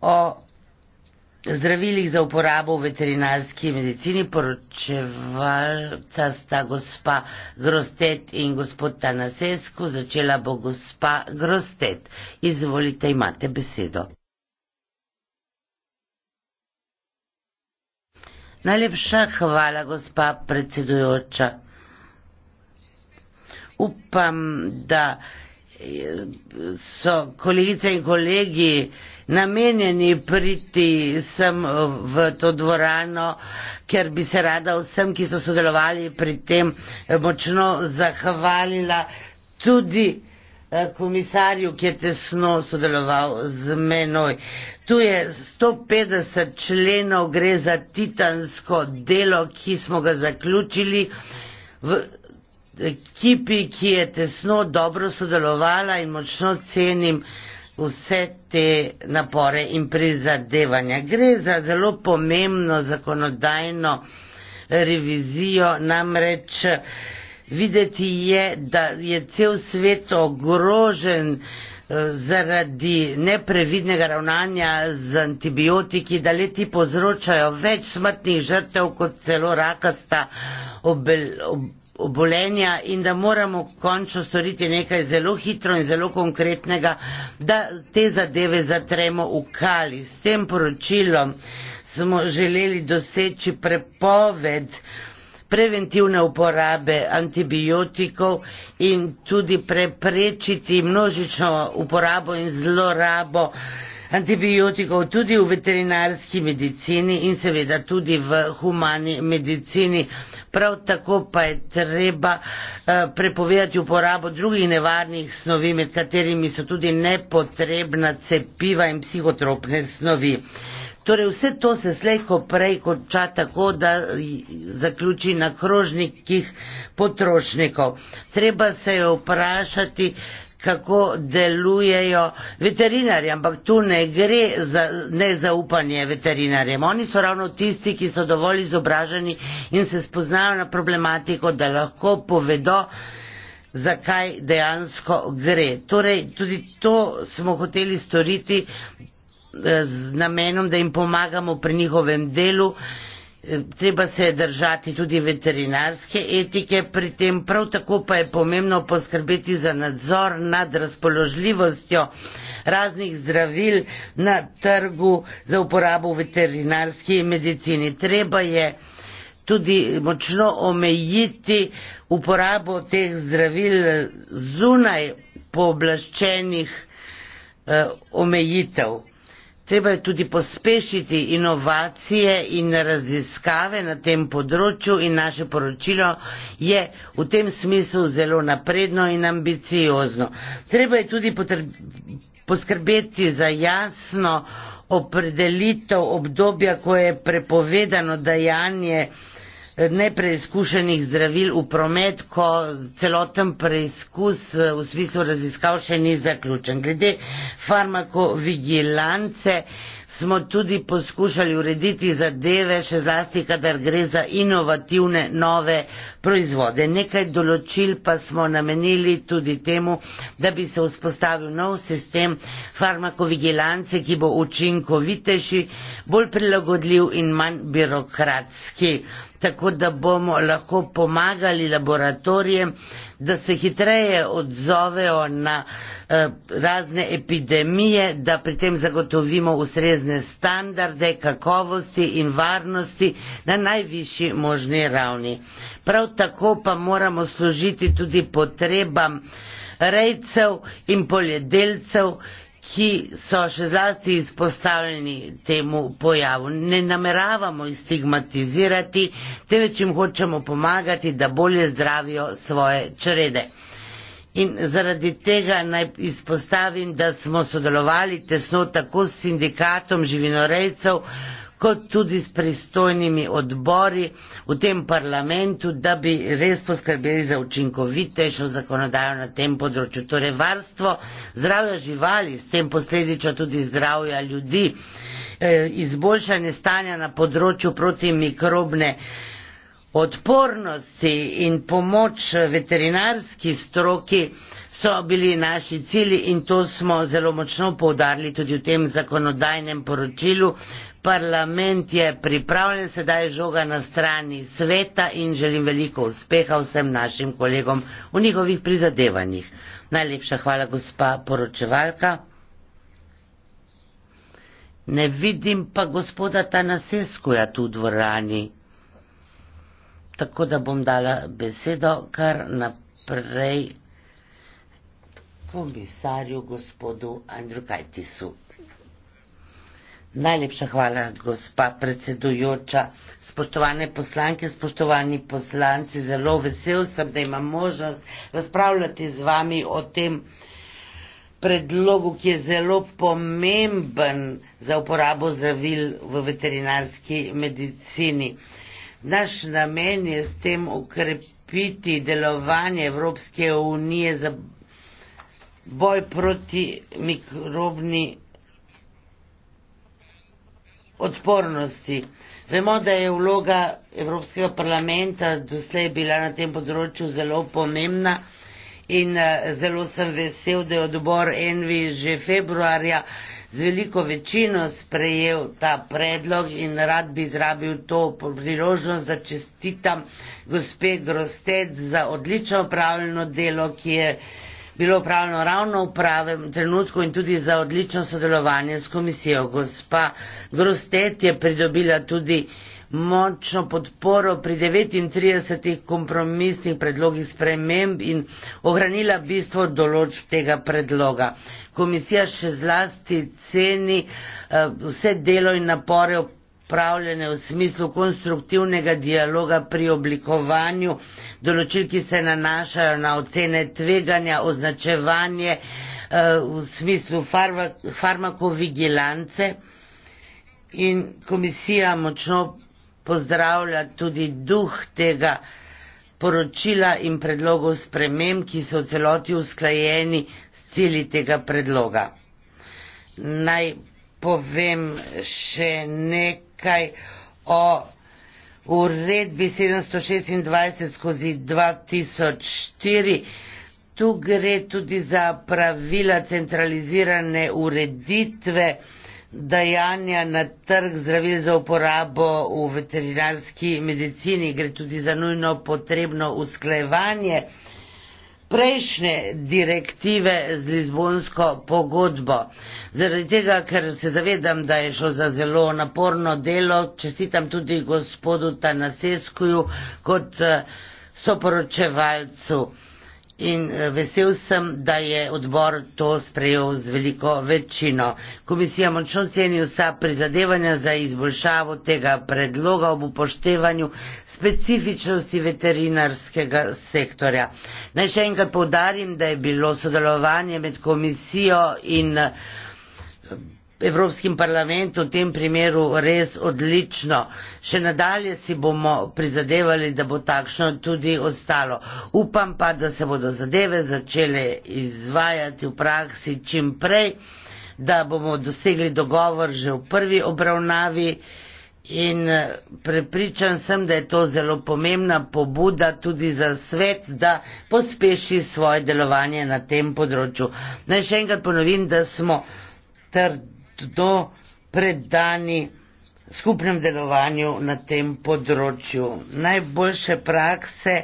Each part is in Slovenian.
o zdravilih za uporabo v veterinarski medicini poročevalca sta gospa Grostet in gospod Tanasesku. Začela bo gospa Grostet. Izvolite, imate besedo. Najlepša hvala, gospa predsedujoča. Upam, da so kolegice in kolegi namenjeni priti sem eh, v to dvorano, ker bi se rada vsem, ki so sodelovali pri tem, eh, močno zahvalila tudi eh, komisarju, ki je tesno sodeloval z menoj. Tu je 150 členov, gre za titansko delo, ki smo ga zaključili v ekipi, ki je tesno dobro sodelovala in močno cenim uh, vse te napore in prizadevanja. Gre za zelo pomembno zakonodajno revizijo, namreč videti je, da je cel svet ogrožen eh, zaradi neprevidnega ravnanja z antibiotiki, da leti povzročajo več smrtnih žrtev kot celo rakasta obel. Ob obolenja in da moramo končno storiti nekaj zelo hitro in zelo konkretnega, da te zadeve zatremo v kali. S tem poročilom smo želeli doseči prepoved preventivne uporabe antibiotikov in tudi preprečiti množično uporabo in zlorabo antibiotikov tudi v veterinarski medicini in seveda tudi v humani medicini prav tako pa je treba eh, prepovedati uporabo drugih nevarnih snovi, med katerimi so tudi nepotrebna cepiva in psihotropne snovi. Torej, vse to se slejko prej konča tako, da zaključi na krožnikih potrošnikov. Treba se je vprašati, kako delujejo veterinari, ampak tu ne gre za nezaupanje veterinarjem. Oni so ravno tisti, ki so dovolj izobraženi in se spoznajo na problematiko, da lahko povedo, zakaj dejansko gre. Torej, tudi to smo hoteli storiti eh, z namenom, da jim pomagamo pri njihovem delu treba se je držati tudi veterinarske etike, pri tem prav tako pa je pomembno poskrbeti za nadzor nad razpoložljivostjo raznih zdravil na trgu za uporabo v veterinarski medicini. Treba je tudi močno omejiti uporabo teh zdravil zunaj pooblaščenih eh, omejitev treba je tudi pospešiti inovacije in raziskave na tem področju in naše poročilo je v tem smislu zelo napredno in ambiciozno. Treba je tudi poskrbeti za jasno opredelitev obdobja, ko je prepovedano dajanje nepreizkušenih zdravil v promet, ko celoten preizkus eh, v smislu raziskav še ni zaključen. Glede farmakovigilance smo tudi poskušali urediti zadeve, še zlasti, kadar gre za inovativne nove proizvode. Nekaj določil pa smo namenili tudi temu, da bi se vzpostavil nov sistem farmakovigilance, ki bo učinkovitejši, bolj prilagodljiv in manj birokratski tako da bomo lahko pomagali laboratorijem, da se hitreje odzovejo na eh, razne epidemije, da pri tem zagotovimo ustrezne standarde kakovosti in varnosti na najvišji možni ravni. Prav tako pa moramo služiti tudi potrebam rejcev in poljedelcev, ki so še zlasti izpostavljeni temu pojavu. Ne nameravamo jih stigmatizirati, temveč jim hočemo pomagati, da bolje zdravijo svoje črede. In zaradi tega naj izpostavim, da smo sodelovali tesno tako s sindikatom živinorejcev, kot tudi s pristojnimi odbori v tem parlamentu, da bi res poskrbeli za učinkovitejšo zakonodajo na tem področju. Torej varstvo zdravja živali, s tem posledično tudi zdravja ljudi, eh, izboljšanje stanja na področju protimikrobne odpornosti in pomoč veterinarski stroki so bili naši cilji in to smo zelo močno povdarili tudi v tem zakonodajnem poročilu, parlament je pripravljen, sedaj žoga na strani sveta in želim veliko uspeha vsem našim kolegom v njihovih prizadevanjih. Najlepša hvala, gospa poročevalka. Ne vidim pa gospoda Tanaseskoja tu v dvorani. Tako da bom dala besedo kar naprej komisarju gospodu Andrew Kajtisu. Najlepša hvala, gospa predsedujoča. Spoštovane poslanke, spoštovani poslanci, zelo vesel sem, da imam možnost razpravljati z vami o tem predlogu, ki je zelo pomemben za uporabo zdravil v veterinarski medicini. Naš namen je s tem ukrepiti delovanje Evropske unije za boj proti mikrobni odpornosti. Vemo, da je vloga Evropskega parlamenta doslej bila na tem področju zelo pomembna in eh, zelo sem vesel, da je odbor Envi že februarja z veliko večino sprejel ta predlog in rad bi izrabil to priložnost, da čestitam gospe Grostet za odlično upravljeno delo, ki je bilo upravljeno ravno v pravem trenutku in tudi za odlično sodelovanje s komisijo. Gospa Grostet je pridobila tudi močno podporo pri 39 kompromisnih predlogih sprememb in ohranila bistvo določb tega predloga. Komisija še zlasti ceni uh, vse delo in napore opravljene v smislu konstruktivnega dialoga pri oblikovanju določil, ki se nanašajo na ocene tveganja, označevanje eh, v smislu farmakovigilance. In komisija močno pozdravlja tudi duh tega poročila in predlogov spremem, ki so v celoti usklajeni s cili tega predloga. Naj povem še nekaj kaj o uredbi 726 skozi 2004. Tu gre tudi za pravila centralizirane ureditve dajanja na trg zdravil za uporabo v veterinarski medicini. Gre tudi za nujno potrebno usklajevanje prejšnje direktive z Lizbonsko pogodbo. Zaradi tega, ker se zavedam, da je šlo za zelo naporno delo, čestitam tudi gospodu Tanaseskuju kot eh, soporočevalcu in eh, vesel sem, da je odbor to sprejel z veliko večino. Komisija močno ceni vsa prizadevanja za izboljšavo tega predloga ob upoštevanju specifičnosti veterinarskega sektorja. Naj še enkrat povdarim, da je bilo sodelovanje med komisijo in Evropskim parlamentu v tem primeru res odlično. Še nadalje si bomo prizadevali, da bo takšno tudi ostalo. Upam pa, da se bodo zadeve začele izvajati v praksi čim prej, da bomo dosegli dogovor že v prvi obravnavi in eh, prepričan sem, da je to zelo pomembna pobuda tudi za svet, da pospeši svoje delovanje na tem področju. Naj še enkrat ponovim, da smo trdni kdo predani skupnem delovanju na tem področju. Najboljše prakse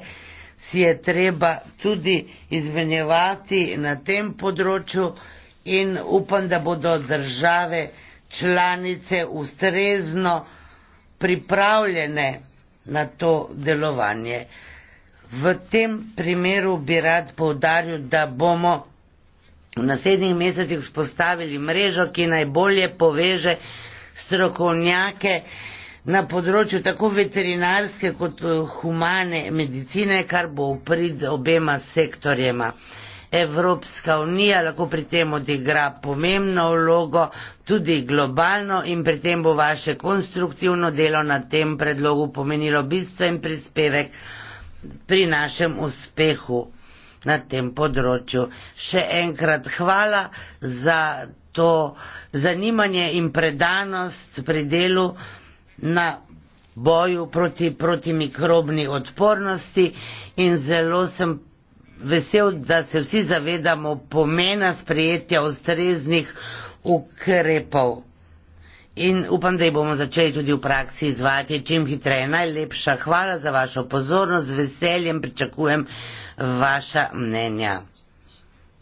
si je treba tudi izmenjevati na tem področju in upam, da bodo države članice ustrezno pripravljene na to delovanje. V tem primeru bi rad povdaril, da bomo v naslednjih mesecih vzpostavili mrežo, ki najbolje poveže strokovnjake na področju tako veterinarske kot eh, humane medicine, kar bo uprid obema sektorjema. Evropska unija lahko pri tem odigra pomembno vlogo, tudi globalno in pri tem bo vaše konstruktivno delo na tem predlogu pomenilo bistven prispevek pri našem uspehu na tem področju. Še enkrat hvala za to zanimanje in predanost pri delu na boju proti, proti mikrobni odpornosti in zelo sem vesel, da se vsi zavedamo pomena sprejetja ustreznih ukrepov. In upam, da jih bomo začeli tudi v praksi izvajati čim hitreje. Najlepša hvala za vašo pozornost, z veseljem pričakujem vaša mnenja.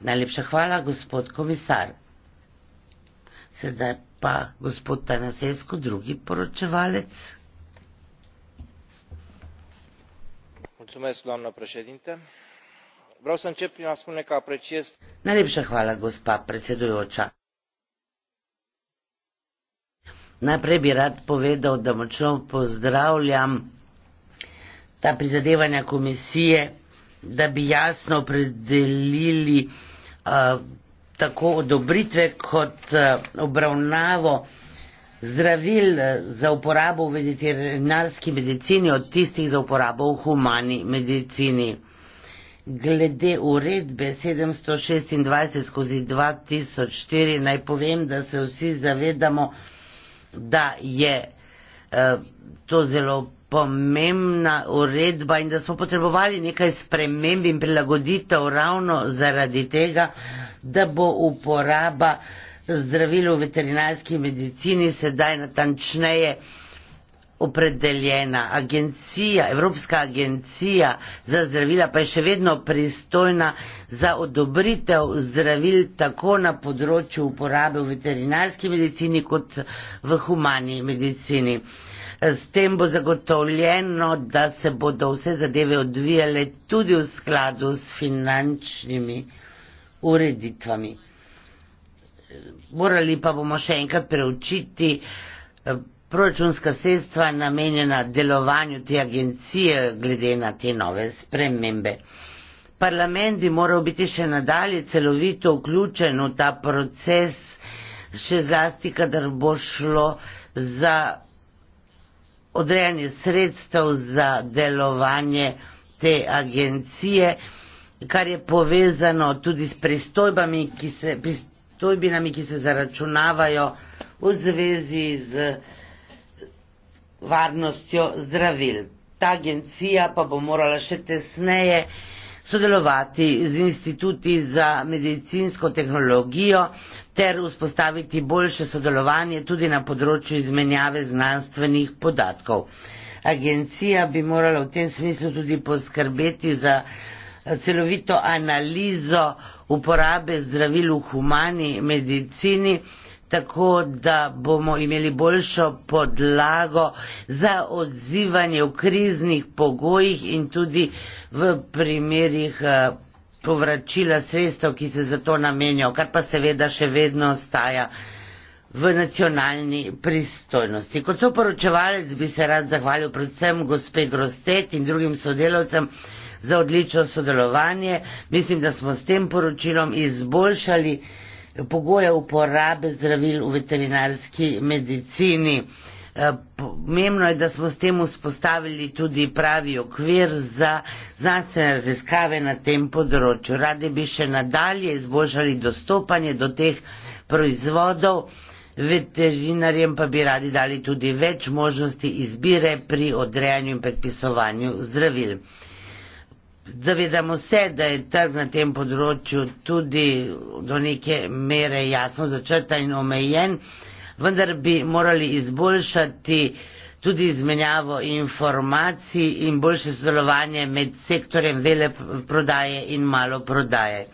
Najlepša hvala, gospod komisar. Sedaj pa gospod Tanasesko, drugi poročevalec. Mulțumesc, doamna președinte. Vreau să încep prin a spune că apreciez... Najlepša hvala, gospa predsedujoča. Najprej bi rad povedal, da močno pozdravljam ta prizadevanja komisije, da bi jasno opredelili uh, tako odobritve kot uh, obravnavo zdravil za uporabo v veterinarski medicini od tistih za uporabo v humani medicini. Glede uredbe 726 skozi 2004 naj povem, da se vsi zavedamo, da je eh, to zelo pomembna uredba in da smo potrebovali nekaj sprememb in prilagoditev ravno zaradi tega, da bo uporaba zdravil v veterinarski medicini sedaj natančneje opredeljena. Agencija, Evropska agencija za zdravila pa je še vedno pristojna za odobritev zdravil tako na področju uporabe v veterinarski medicini kot v humani medicini. S tem bo zagotovljeno, da se bodo vse zadeve odvijale tudi v skladu s finančnimi ureditvami. Morali pa bomo še enkrat preučiti eh, proračunska sestva namenjena delovanju te agencije glede na te nove spremembe. Parlament bi moral biti še nadalje celovito vključen v ta proces, še zlasti, kadar bo šlo za odrejanje sredstev za delovanje te agencije, kar je povezano tudi s pristojbami, ki se, pristojbinami, ki se zaračunavajo v zvezi z varnostjo zdravil. Ta agencija pa bo morala še tesneje sodelovati z instituti za medicinsko tehnologijo ter vzpostaviti boljše sodelovanje tudi na področju izmenjave znanstvenih podatkov. Agencija bi morala v tem smislu tudi poskrbeti za celovito analizo uporabe zdravil v humani medicini tako da bomo imeli boljšo podlago za odzivanje v kriznih pogojih in tudi v primerih eh, povračila sredstev, ki se za to namenjajo, kar pa seveda še vedno ostaja v nacionalni pristojnosti. Kot so poročevalec bi se rad zahvalil predvsem gospe Grostet in drugim sodelovcem za odlično sodelovanje. Mislim, da smo s tem poročilom izboljšali pogoje uporabe zdravil v veterinarski medicini. Eh, pomembno je, da smo s tem vzpostavili tudi pravi okvir za znanstvene raziskave na tem področju. Radi bi še nadalje izboljšali dostopanje do teh proizvodov, veterinarjem pa bi radi dali tudi več možnosti izbire pri odrejanju in predpisovanju zdravil. Zavedamo se, da je trg na tem področju tudi do neke mere jasno začrta in omejen, vendar bi morali izboljšati tudi izmenjavo informacij in boljše sodelovanje med sektorjem vele prodaje in malo prodaje.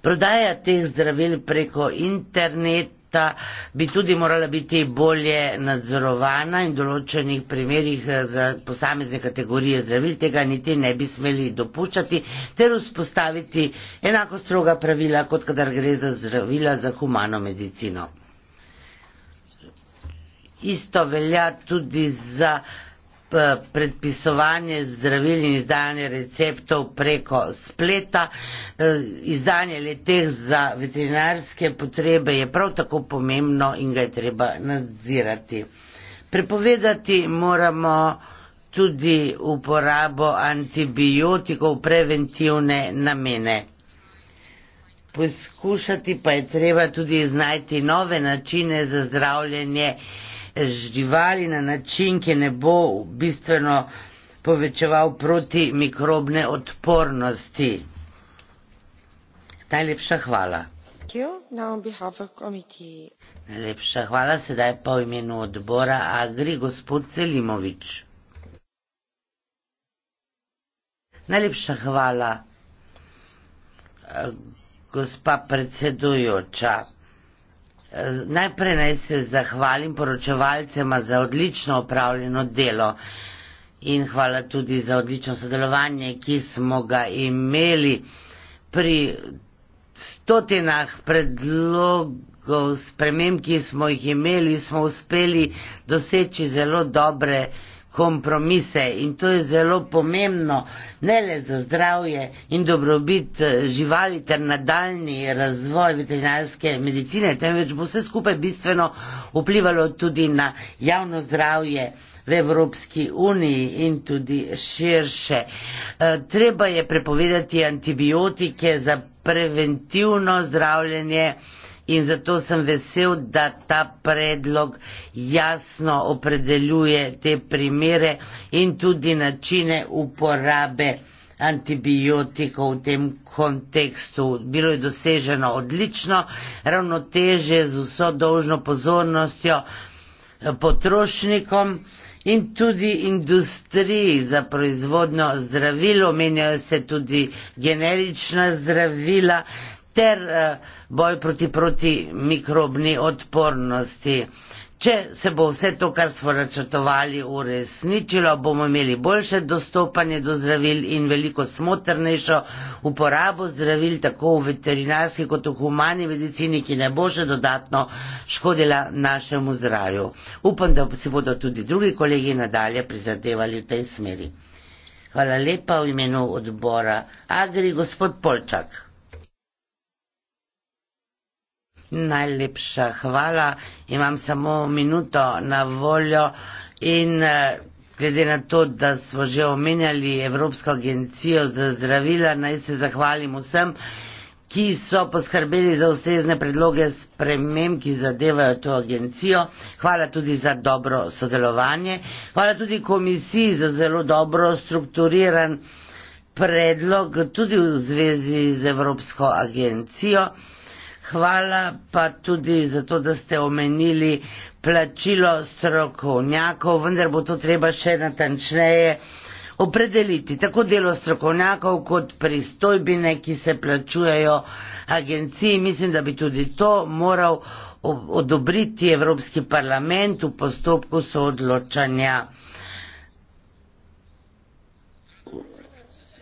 Prodaja teh zdravil preko interneta bi tudi morala biti bolje nadzorovana in v določenih primerjih eh, za posamezne kategorije zdravil tega niti ne bi smeli dopuščati ter vzpostaviti enako stroga pravila, kot kadar gre za zdravila za humano medicino. Isto velja tudi za uh, Eh, predpisovanje zdravil in izdajanje receptov preko spleta. Eh, izdanje leteh za veterinarske potrebe je prav tako pomembno in ga je treba nadzirati. Prepovedati moramo tudi uporabo antibiotikov preventivne namene. Poskušati pa je treba tudi iznajti nove načine za zdravljenje živali na način, ki ne bo bistveno povečeval protimikrobne odpornosti. Najlepša hvala. Najlepša hvala, sedaj pa v imenu odbora Agri, gospod Selimovič. Najlepša hvala, gospa predsedujoča. Najprej naj se zahvalim poročevalcema za odlično opravljeno delo in hvala tudi za odlično sodelovanje, ki smo ga imeli pri stotinah predlogov sprememb, ki smo jih imeli, smo uspeli doseči zelo dobre rezultate kompromise in to je zelo pomembno, ne le za zdravje in dobrobit eh, živali ter nadaljni razvoj veterinarske medicine, temveč bo vse skupaj bistveno vplivalo tudi na javno zdravje v Evropski uniji in tudi širše. Eh, treba je prepovedati antibiotike za preventivno zdravljenje in zato sem vesel, da ta predlog jasno opredeljuje te primere in tudi načine uporabe antibiotikov v tem kontekstu. Bilo je doseženo odlično, ravnoteže z vso dolžno pozornostjo eh, potrošnikom in tudi industriji za proizvodno zdravilo, menjajo se tudi generična zdravila, ter eh, boj proti, proti mikrobni odpornosti. Če se bo vse to, kar smo načrtovali, uresničilo, bomo imeli boljše dostopanje do zdravil in veliko smotrnejšo uporabo zdravil, tako v veterinarski kot v humani medicini, ki ne bo še dodatno škodila našemu zdravju. Upam, da si bodo tudi drugi kolegi nadalje prizadevali v tej smeri. Hvala lepa v imenu odbora Agri, gospod Polčak. Najlepša hvala. Imam samo minuto na voljo in eh, glede na to, da smo že omenjali Evropsko agencijo za zdravila, naj se zahvalim vsem, ki so poskrbeli za ustrezne predloge sprememb, ki zadevajo to agencijo. Hvala tudi za dobro sodelovanje. Hvala tudi komisiji za zelo dobro strukturiran predlog, tudi v zvezi z Evropsko agencijo. Hvala pa tudi za to, da ste omenili plačilo strokovnjakov, vendar bo to treba še natančneje opredeliti. Tako delo strokovnjakov kot pristojbine, ki se plačujejo agenciji, mislim, da bi tudi to moral odobriti Evropski parlament v postopku soodločanja.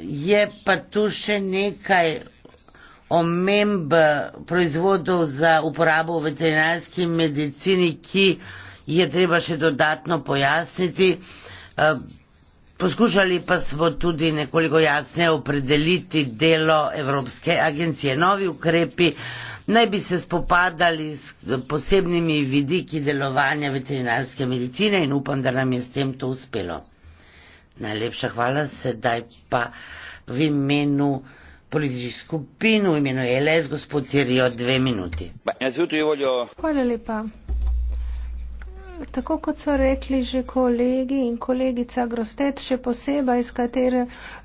Je pa tu še nekaj omemb proizvodov za uporabo v veterinarski medicini, ki je treba še dodatno pojasniti. Eh, poskušali pa smo tudi nekoliko jasneje opredeliti delo Evropske agencije. Novi ukrepi naj bi se spopadali s posebnimi vidiki delovanja veterinarske medicine in upam, da nam je s tem to uspelo. Najlepša hvala, sedaj pa v imenu politički skupin u imenu LS, gospod Sirio, dve minuti. Ba, voljo. Hvala lepa. Tako kot so rekli že kolegi in kolegica Grostet, še posebej, s katero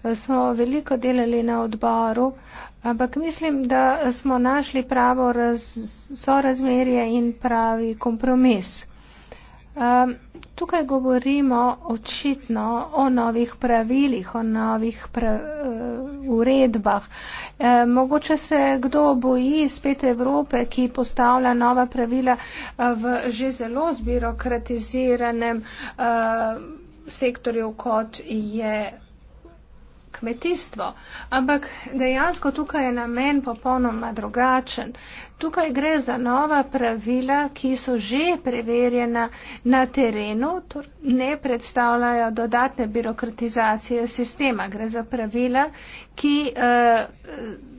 eh, smo veliko delali na odboru, ampak mislim, da smo našli pravo raz, sorazmerje in pravi kompromis. Um, Tukaj govorimo očitno o novih pravilih, o novih pra, uh, eh, uredbah. E, mogoče se kdo boji spet Evrope, ki postavlja nova pravila eh, v že zelo zbirokratiziranem uh, sektorju, kot je kmetijstvo. Ampak dejansko tukaj je namen popolnoma drugačen. Tukaj gre za nova pravila, ki so že preverjena na terenu, torej ne predstavljajo dodatne birokratizacije sistema. Gre za pravila, ki. Uh,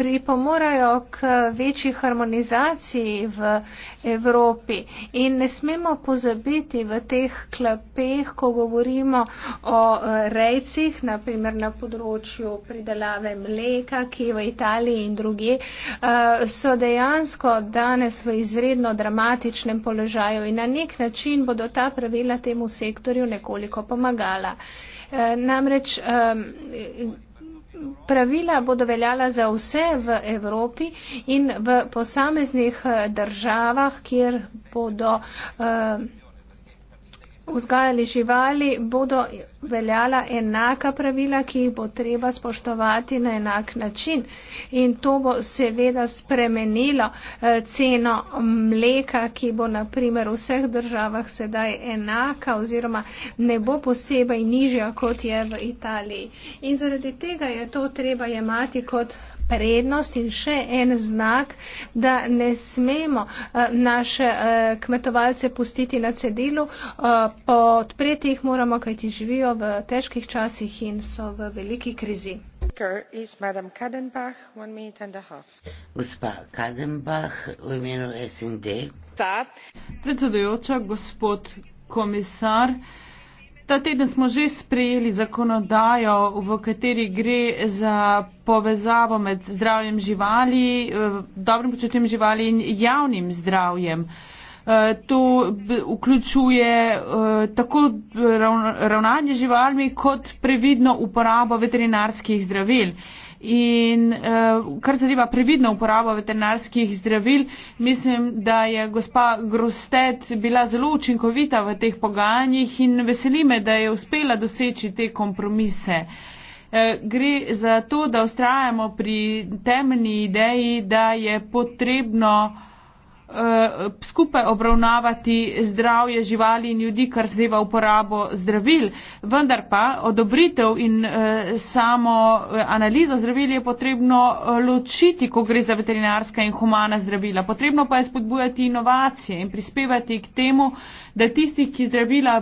pripomorajo k večji harmonizaciji v Evropi. In ne smemo pozabiti v teh klapeh, ko govorimo o eh, rejcih, naprimer na področju pridelave mleka, ki v Italiji in druge, eh, so dejansko danes v izredno dramatičnem položaju in na nek način bodo ta pravila temu sektorju nekoliko pomagala. Eh, namreč pravila bodo veljala za vse v Evropi in v posameznih eh, državah, kjer bodo. Uh, vzgajali živali, bodo veljala enaka pravila, ki jih bo treba spoštovati na enak način. In to bo seveda spremenilo eh, ceno mleka, ki bo na primer v vseh državah sedaj enaka oziroma ne bo posebej nižja, kot je v Italiji. In zaradi tega je to treba jemati kot prednost in še en znak, da ne smemo eh, naše eh, kmetovalce pustiti na cedilu, eh, podpreti jih moramo, kajti živijo v težkih časih in so v veliki krizi. Gospa Kadenbach v imenu SND. Predsedujoča, gospod komisar. Ta teden smo že sprejeli zakonodajo, v kateri gre za povezavo med zdravjem živali, eh, dobrim počutjem živali in javnim zdravjem. Eh, to vključuje eh, tako ravnanje živalmi kot previdno uporabo veterinarskih zdravil. In uh, kar zadeva previdno uporabo veterinarskih zdravil, mislim, da je gospa Grostet bila zelo učinkovita v teh pogajanjih in veseli me, da je uspela doseči te kompromise. Eh, gre za to, da ustrajamo pri temeljni ideji, da je potrebno uh, uh, skupaj obravnavati zdravje živali in ljudi, kar zdeva uporabo zdravil. Vendar pa odobritev in uh, samo eh, analizo zdravil je potrebno ločiti, ko gre za veterinarska in humana zdravila. Potrebno pa je spodbujati inovacije in prispevati k temu, da tisti, ki zdravila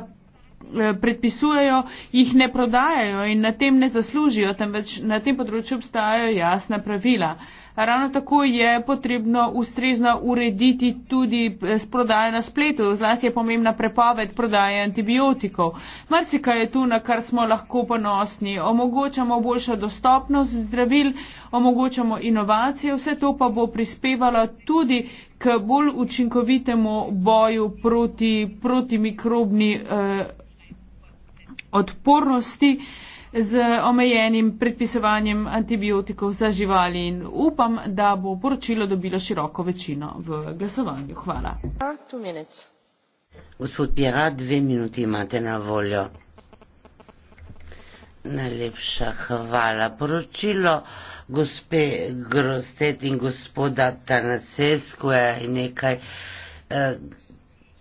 predpisujejo, jih ne prodajajo in na tem ne zaslužijo, temveč na tem področju obstajajo jasna pravila. Uh, Ravno tako je potrebno ustrezno urediti tudi eh, prodajo na spletu, zlasti je pomembna prepoved prodaje antibiotikov. Marsika je tu, na kar smo lahko ponosni. Omogočamo boljšo dostopnost zdravil, omogočamo inovacije, vse to pa bo prispevalo tudi k bolj učinkovitemu boju proti, proti mikrobni eh, odpornosti. Eh, z omejenim predpisovanjem antibiotikov za živali in upam, da bo poročilo dobilo široko večino v glasovanju. Hvala. Gospod Pjera, dve minuti imate na voljo. Najlepša hvala. Poročilo gospe Grostet in gospoda Tanasesko je nekaj, eh,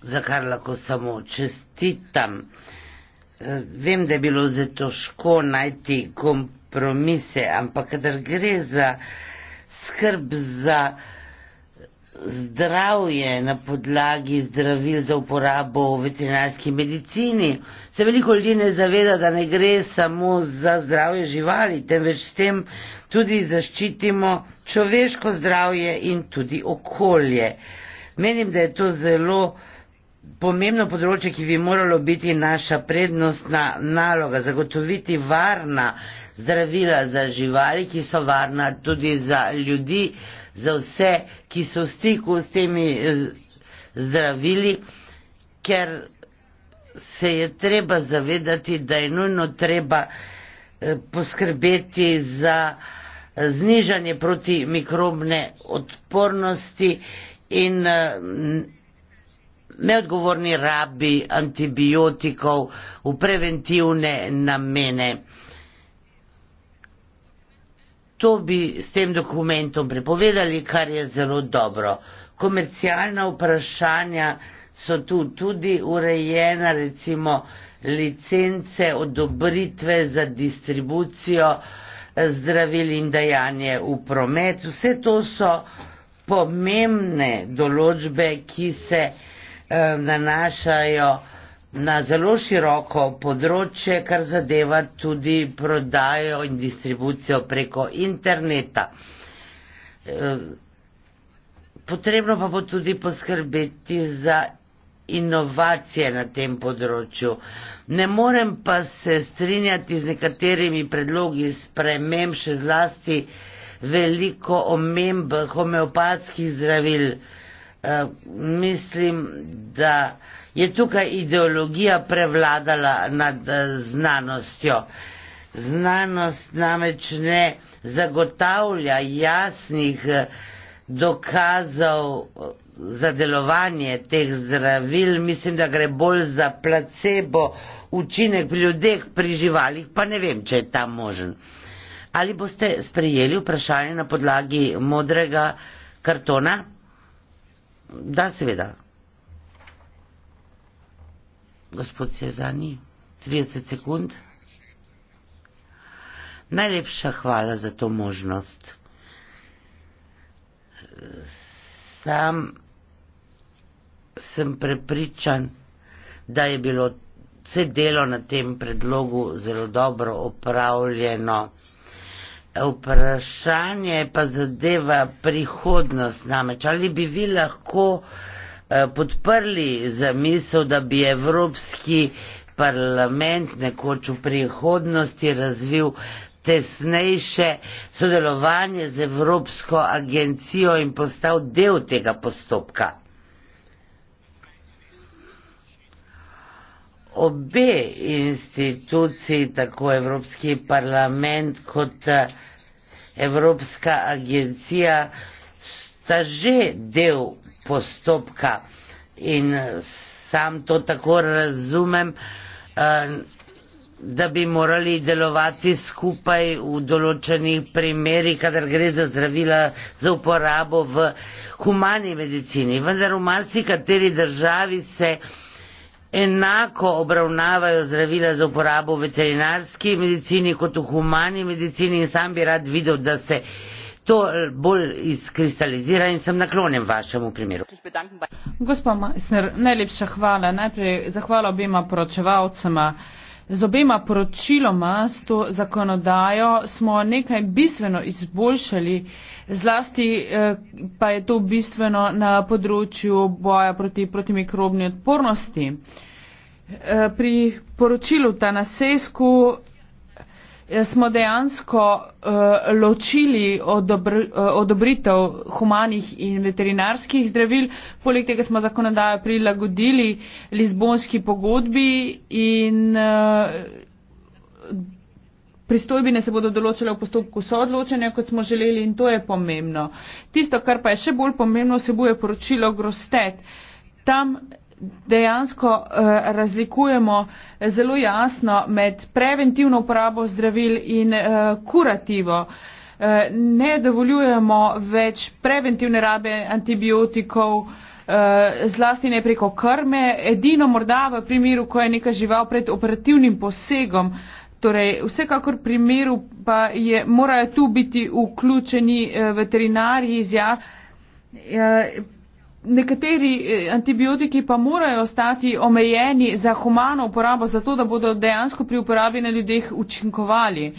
za kar lahko samo čestitam. Eh, vem, da je bilo zelo težko najti kompromise, ampak kadar gre za skrb za zdravje na podlagi zdravil za uporabo v veterinarski medicini, se veliko ljudi ne zaveda, da ne gre samo za zdravje živali, temveč s tem tudi zaščitimo človeško zdravje in tudi okolje. Menim, da je to zelo pomembno področje, ki bi moralo biti naša prednostna naloga, zagotoviti varna zdravila za živali, ki so varna tudi za ljudi, za vse, ki so v stiku s temi eh, zdravili, ker se je treba zavedati, da je nujno treba eh, poskrbeti za eh, znižanje protimikrobne odpornosti in neodgovorni rabi antibiotikov v preventivne namene. To bi s tem dokumentom prepovedali, kar je zelo dobro. Komercialna vprašanja so tu tudi urejena, recimo licence, odobritve za distribucijo zdravil in dajanje v promet. Vse to so pomembne določbe, ki se Eh, nanašajo na zelo široko področje, kar zadeva tudi prodajo in distribucijo preko interneta. Eh, potrebno pa bo tudi poskrbeti za inovacije na tem področju. Ne morem pa se strinjati z nekaterimi predlogi sprememb, še zlasti veliko omemb homeopatskih zdravil. Eh, mislim, da je tukaj ideologija prevladala nad eh, znanostjo. Znanost namreč ne zagotavlja jasnih eh, dokazov za delovanje teh zdravil. Mislim, da gre bolj za placebo učinek pri ljudeh, pri živalih, pa ne vem, če je ta možen. Ali boste sprejeli vprašanje na podlagi modrega kartona? Da, seveda. Gospod Sezani, 30 sekund. Najlepša hvala za to možnost. Sam sem prepričan, da je bilo vse delo na tem predlogu zelo dobro opravljeno vprašanje pa zadeva prihodnost namreč. Ali bi vi lahko eh, podprli zamisel, da bi Evropski parlament nekoč v prihodnosti razvil tesnejše sodelovanje z Evropsko agencijo in postal del tega postopka? Obe instituciji, tako Evropski parlament kot uh, Evropska agencija sta že del postopka in sam to tako razumem, eh, da bi morali delovati skupaj v določenih primerih, kadar gre za zdravila za uporabo v humani medicini. Vendar v marsikateri državi se enako obravnavajo zdravila za uporabo v veterinarski medicini kot v humani medicini in sam bi rad videl, da se to bolj izkristalizira in sem naklonjen vašemu primeru. Gospa Meissner, najlepša hvala. Najprej zahvala obima poročevalcema. Z obema poročiloma s to zakonodajo smo nekaj bistveno izboljšali, zlasti eh, pa je to bistveno na področju boja proti, proti mikrobni odpornosti. Eh, pri poročilu Tanasesku eh, smo dejansko eh, ločili odobritev humanih in veterinarskih zdravil, poleg tega smo zakonodajo prilagodili Lizbonski pogodbi in pristojbine se bodo določile v postopku soodločanja, kot smo želeli in to je pomembno. Tisto, kar pa je še bolj pomembno, se bo je poročilo Grostet. Tam dejansko eh, razlikujemo zelo jasno med preventivno uporabo zdravil in eh, kurativo. Eh, ne dovoljujemo več preventivne rabe antibiotikov, zlasti ne preko krme, edino morda v primeru, ko je neka žival pred operativnim posegom. Torej, vsekakor v primeru pa je, morajo tu biti vključeni veterinari iz jasno nekateri eh, antibiotiki pa morajo ostati omejeni za humano uporabo, zato da bodo dejansko pri uporabi na ljudeh učinkovali.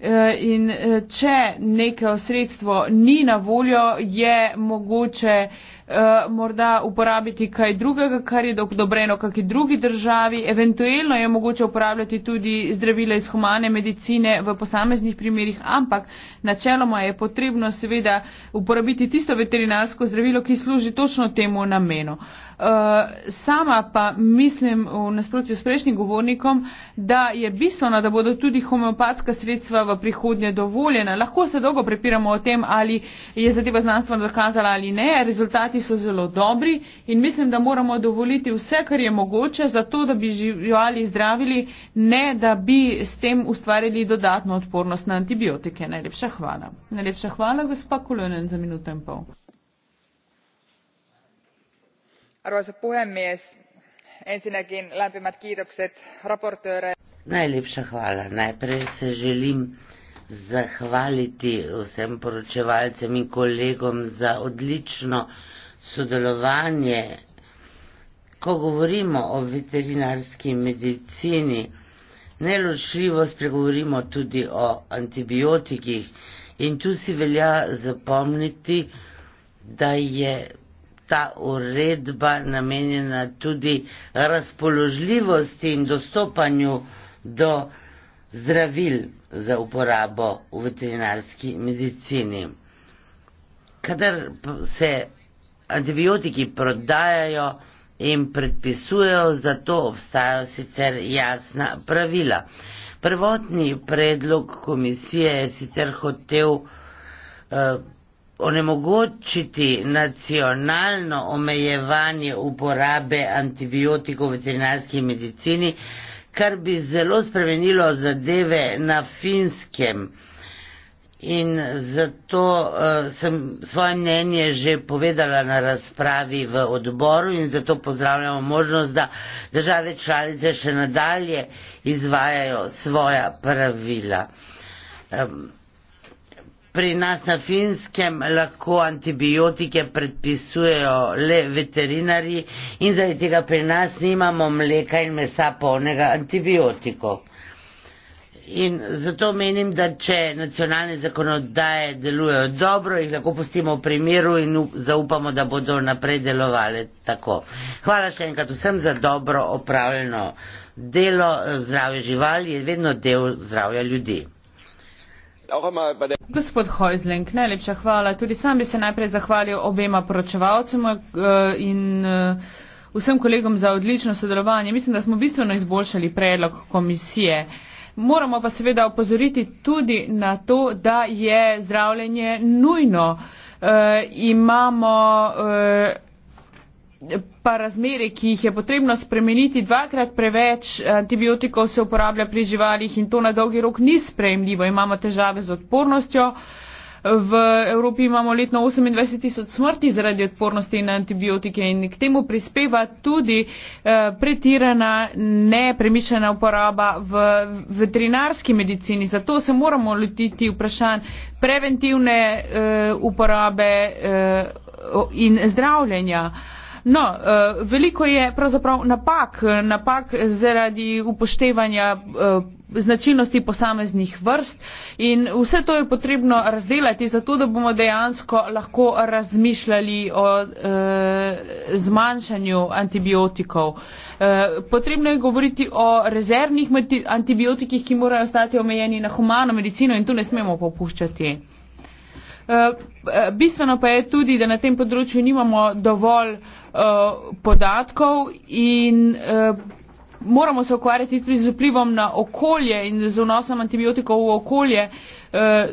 Eh, in eh, če neko sredstvo ni na voljo, je mogoče Eh, morda uporabiti kaj drugega, kar je dobreno kakšni drugi državi. Eventuelno je mogoče uporabljati tudi zdravila iz humane medicine v posameznih primerjih, ampak načeloma je potrebno seveda uporabiti tisto veterinarsko zdravilo, ki služi točno temu namenu. Eh, sama pa mislim v nasprotju s prejšnjim govornikom, da je bistveno, da bodo tudi homeopatska sredstva v prihodnje dovoljena. Lahko se dolgo prepiramo o tem, ali je zadeva znanstveno dokazala ali ne. Rezultati podatki so zelo dobri in mislim, da moramo dovoliti vse, kar je mogoče, zato da bi živali zdravili, ne da bi s tem ustvarili dodatno odpornost na antibiotike. Najlepša hvala. Najlepša hvala, gospa Kolonen, za minuto in pol. Arvoisa puhemies, ensinnäkin lämpimät kiitokset raportööreille. Najlepša hvala. Najprej se želim zahvaliti vsem poročevalcem in kolegom za odlično sodelovanje. Ko govorimo o veterinarski medicini, neločljivo spregovorimo tudi o antibiotikih in tu si velja zapomniti, da je ta uredba namenjena tudi razpoložljivosti in dostopanju do zdravil za uporabo v veterinarski medicini. Kadar se antibiotiki prodajajo in predpisujejo, zato obstajajo sicer jasna pravila. Prvotni predlog komisije je sicer hotel eh, onemogočiti nacionalno omejevanje uporabe antibiotikov v veterinarski medicini, kar bi zelo spremenilo zadeve na finskem. In zato uh, sem svoje mnenje že povedala na razpravi v odboru in zato pozdravljamo možnost, da države članice še nadalje izvajajo svoja pravila. Um, pri nas na finskem lahko antibiotike predpisujejo le veterinari in zaradi tega pri nas nimamo mleka in mesa polnega antibiotikov. In zato menim, da če nacionalne zakonodaje delujejo dobro, jih lahko pustimo v primeru in zaupamo, da bodo naprej delovali tako. Hvala še enkrat vsem za dobro opravljeno delo. Zdravje živali je vedno del zdravja ljudi. Gospod Hojzlenk, najlepša hvala. Tudi sam bi se najprej zahvalil obema poročevalcem eh, in eh, vsem kolegom za odlično sodelovanje. Mislim, da smo bistveno izboljšali predlog komisije. Moramo pa seveda opozoriti tudi na to, da je zdravljenje nujno. E, imamo e, pa razmere, ki jih je potrebno spremeniti. Dvakrat preveč antibiotikov se uporablja pri živalih in to na dolgi rok ni sprejemljivo. Imamo težave z odpornostjo. V Evropi imamo letno 28 tisoč smrti zaradi odpornosti na antibiotike in k temu prispeva tudi eh, pretirana, nepremišljena uporaba v veterinarski medicini. Zato se moramo lotiti vprašanj preventivne eh, uporabe eh, in zdravljenja. No, eh, veliko je pravzaprav napak, napak zaradi upoštevanja. Eh, značilnosti posameznih vrst in vse to je potrebno razdelati, zato da bomo dejansko lahko razmišljali o e, zmanjšanju antibiotikov. E, potrebno je govoriti o rezervnih antibiotikih, ki morajo ostati omejeni na humano medicino in tu ne smemo popuščati. Eh, bistveno pa je tudi, da na tem področju nimamo dovolj uh, podatkov in uh, moramo se ukvarjati tudi z vplivom na okolje in z vnosom antibiotikov v okolje eh,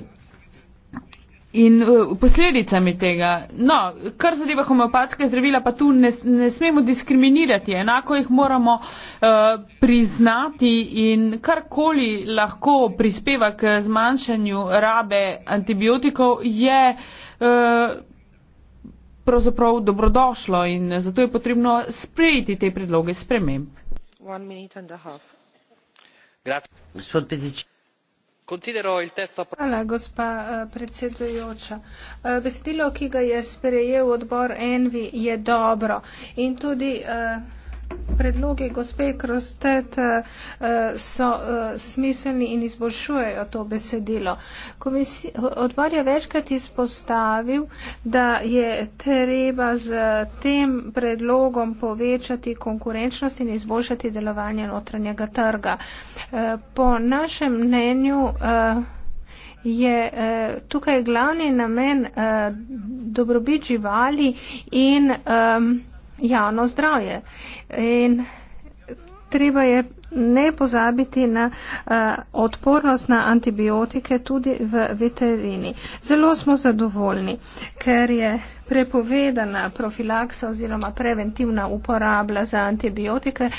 in eh, posledicami tega. No, kar zadeva homeopatske zdravila, pa tu ne, ne smemo diskriminirati, enako jih moramo eh, priznati in karkoli lahko prispeva k zmanjšanju rabe antibiotikov je pravzaprav dobrodošlo in zato je potrebno sprejeti te predloge sprememb gospa eh, predsedujoča eh, besedilo ki ga je sprejel odbor envi je dobro in tudi sama sem podprla to besedilo. Predlogi gospe Krostet eh, eh, so eh, smiselni in izboljšujejo to besedilo. Komisij, odbor je večkrat izpostavil, da je treba z tem predlogom povečati konkurenčnost in izboljšati delovanje notranjega trga. Po našem mnenju je tukaj glavni namen dobrobit živali in ehm, javno zdravje. In treba je ne pozabiti na uh, odpornost na antibiotike tudi v veterini. Zelo smo zadovoljni, ker je prepovedana profilaksa oziroma preventivna uporaba za antibiotike, uh,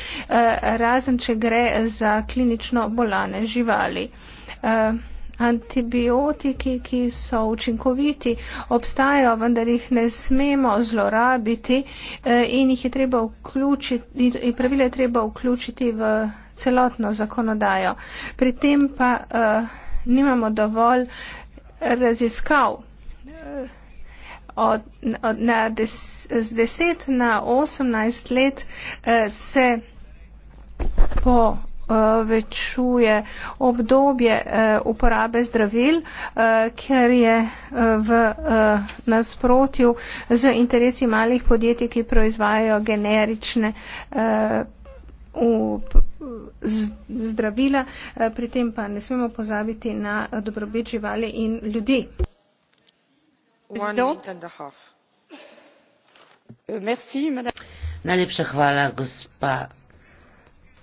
razen če gre za klinično bolane živali. Uh, antibiotiki, ki so učinkoviti, obstajajo, vendar jih ne smemo zlorabiti eh, in jih je treba vključiti, pravile je treba vključiti v celotno zakonodajo. Pri tem pa uh, nimamo dovolj raziskav. Eh, od, od, na des, z deset na osemnajst let uh, se po povečuje obdobje eh, uporabe zdravil, eh, ker je eh, v nasprotju z interesi malih podjetij, ki proizvajajo generične zdravila, pri tem pa ne smemo pozabiti na dobrobit živali in ljudi. Najlepša hvala, gospa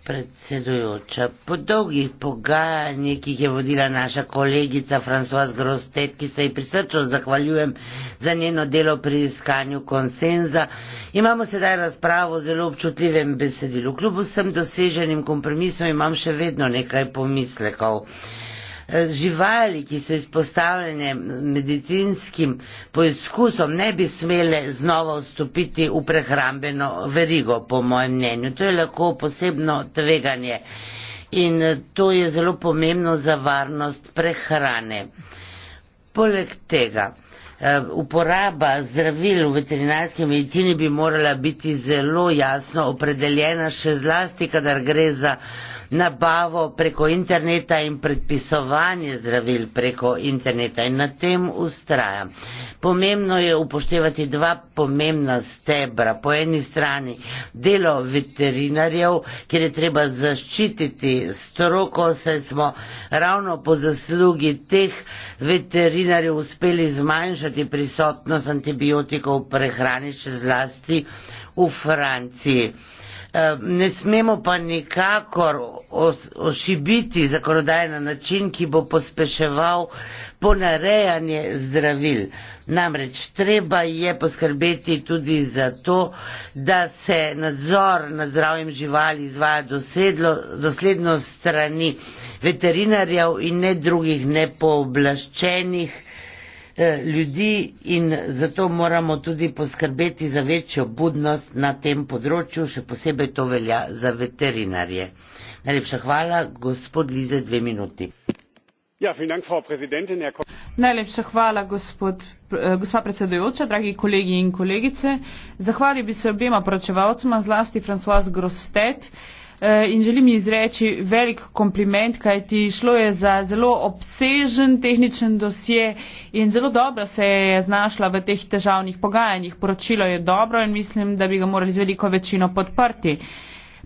predsedujoča. Po dolgih pogajanjih, ki jih je vodila naša kolegica Francois Grostet, ki se ji prisrčno zahvaljujem za njeno delo pri iskanju konsenza, imamo sedaj razpravo o zelo občutljivem besedilu. Kljub vsem doseženim kompromisom imam še vedno nekaj pomislekov živali, ki so izpostavljene medicinskim poizkusom, ne bi smele znova vstopiti v prehrambeno verigo, po mojem mnenju. To je lahko posebno tveganje in to je zelo pomembno za varnost prehrane. Poleg tega, eh, uporaba zdravil v veterinarski medicini bi morala biti zelo jasno opredeljena, še zlasti, kadar gre za nabavo preko interneta in predpisovanje zdravil preko interneta in na tem ustrajam. Pomembno je upoštevati dva pomembna stebra. Po eni strani delo veterinarjev, kjer je treba zaščititi stroko, saj smo ravno po zaslugi teh veterinarjev uspeli zmanjšati prisotnost antibiotikov v prehrani, še zlasti v Franciji ne smemo pa nikakor ošibiti zakonodaje na način, ki bo pospeševal ponarejanje zdravil. Namreč treba je poskrbeti tudi za to, da se nadzor nad zdravjem živali izvaja dosedlo, dosledno strani veterinarjev in ne drugih nepooblaščenih. Eh, ljudi in zato moramo tudi poskrbeti za večjo budnost na tem področju, še posebej to velja za veterinarje. Najlepša hvala, gospod Lize, dve minuti. Ja, dank, Najlepša hvala, gospod, eh, gospa predsedujoča, dragi kolegi in kolegice. Zahvali bi se obema poročevalcema, zlasti François Grostet. Eh, in želim ji izreči velik kompliment, kaj ti šlo je za zelo obsežen tehničen dosje in zelo dobro se je znašla v teh težavnih pogajanjih. Poročilo je dobro in mislim, da bi ga morali z veliko večino podprti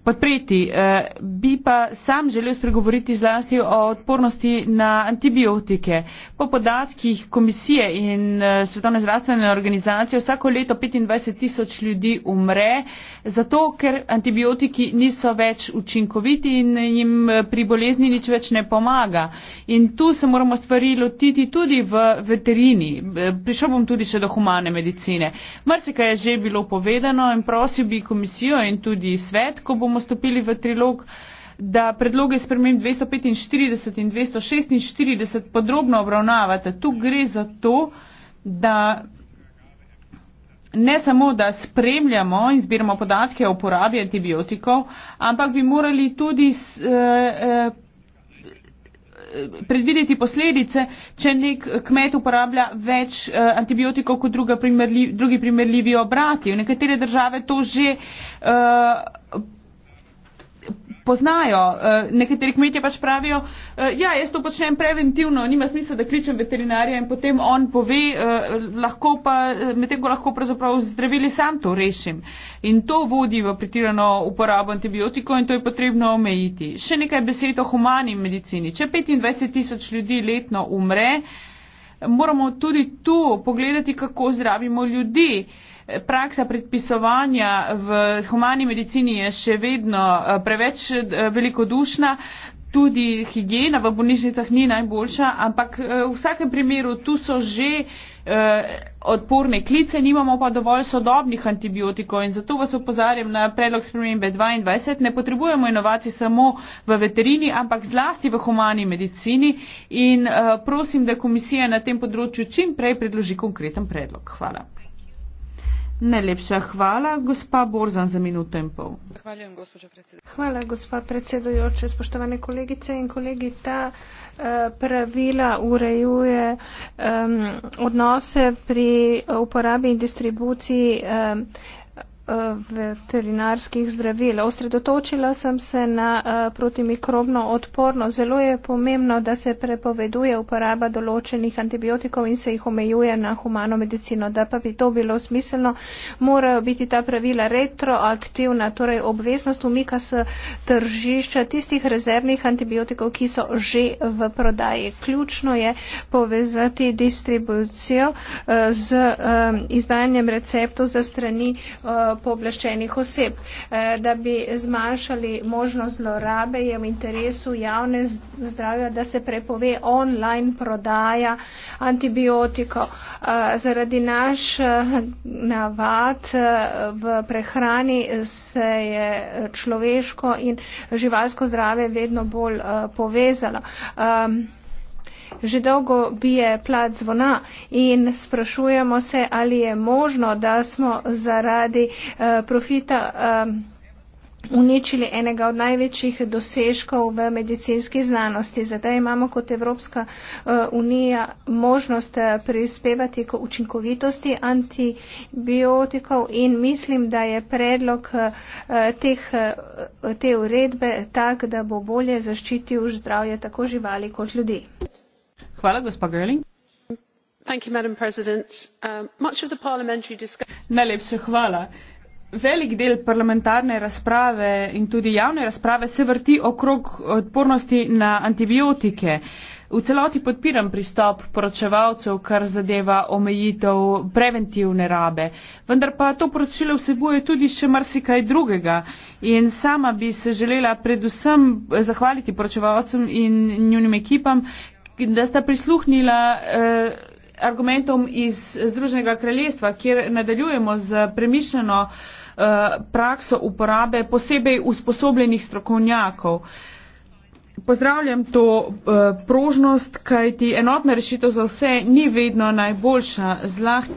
podpreti. Eh, bi pa sam želel spregovoriti zlasti o odpornosti na antibiotike. Po podatkih komisije in eh, Svetovne zdravstvene organizacije vsako leto 25 tisoč ljudi umre, zato ker antibiotiki niso več učinkoviti in jim eh, pri bolezni nič več ne pomaga. In tu se moramo stvari lotiti tudi v veterini. Prišel bom tudi še do humane medicine. Mrzika je že bilo povedano in prosil bi komisijo in tudi svet, ko bomo smo stopili v trilog, da predloge spremem 245 in 246 podrobno obravnavate. Tu gre za to, da ne samo, da spremljamo in zbiramo podatke o uporabi antibiotikov, ampak bi morali tudi s, eh, eh, predvideti posledice, če nek kmet uporablja več uh, antibiotikov kot primerljiv, drugi primerljivi obrati. V nekatere države to že uh, poznajo. Eh, nekateri kmetje pač pravijo, eh, ja, jaz to počnem preventivno, nima smisla, da kličem veterinarja in potem on pove, eh, lahko pa, medtem ko lahko pravzaprav zdravili sam to rešim. In to vodi v pretirano uporabo antibiotikov in to je potrebno omejiti. Še nekaj besed o humani medicini. Če 25 tisoč ljudi letno umre, moramo tudi tu pogledati, kako zdravimo ljudi praksa predpisovanja v humani medicini je še vedno eh, preveč eh, velikodušna. Tudi higiena v bolnišnicah ni najboljša, ampak eh, v vsakem primeru tu so že odporne klice, nimamo pa dovolj sodobnih antibiotikov in zato vas upozarjam na predlog spremembe 22. Ne potrebujemo inovacij samo v veterini, ampak zlasti v humani medicini in prosim, da komisija na tem področju čim prej predloži konkreten predlog. Hvala. Najlepša hvala, gospa Borzan, za minuto in pol. Zahvaljujem, gospođo predsedujoča. Hvala, gospa predsedujoča. Spoštovane kolegice in kolegi, ta uh, pravila urejuje um, odnose pri uporabi in distribuciji um, veterinarskih zdravil. Osredotočila sem se na eh, protimikrobno odporno. Zelo je pomembno, da se prepoveduje uporaba določenih antibiotikov in se jih omejuje na humano medicino. Da pa bi to bilo smiselno, morajo biti ta pravila retroaktivna, torej obveznost umika s tržišča tistih rezervnih antibiotikov, ki so že v prodaji. Ključno je povezati distribucijo eh, z eh, izdajanjem receptov za strani pooblaščenih oseb. Eh, da bi zmanjšali možnost zlorabe, je v interesu javne zdravja, da se prepove online prodaja antibiotiko. Eh, zaradi naš eh, navad v prehrani se je človeško in živalsko zdrave vedno bolj povezalo. Ehm, že dolgo bije plat zvona in sprašujemo se, ali je možno, da smo zaradi eh, profita eh, uničili enega od največjih dosežkov v medicinski znanosti. Zdaj imamo kot Evropska eh, unija možnost prispevati k učinkovitosti antibiotikov in mislim, da je predlog teh, te uredbe tak, da bo bolje zaščitil zdravje tako živali kot ljudi. Hvala, gospa Gerling. Um, Najlepša hvala. Velik del parlamentarne razprave in tudi javne razprave se vrti okrog odpornosti na antibiotike. V celoti podpiram pristop poročevalcev, kar zadeva omejitev preventivne rabe. Vendar pa to poročilo vsebuje tudi še marsikaj drugega. In sama bi se želela predvsem zahvaliti poročevalcem in njunim ekipam, da sta prisluhnila eh, argumentom iz Združenega kraljestva, kjer nadaljujemo z premišljeno eh, prakso uporabe posebej usposobljenih strokovnjakov. Pozdravljam to eh, prožnost, kaj ti enotna rešitev za vse ni vedno najboljša,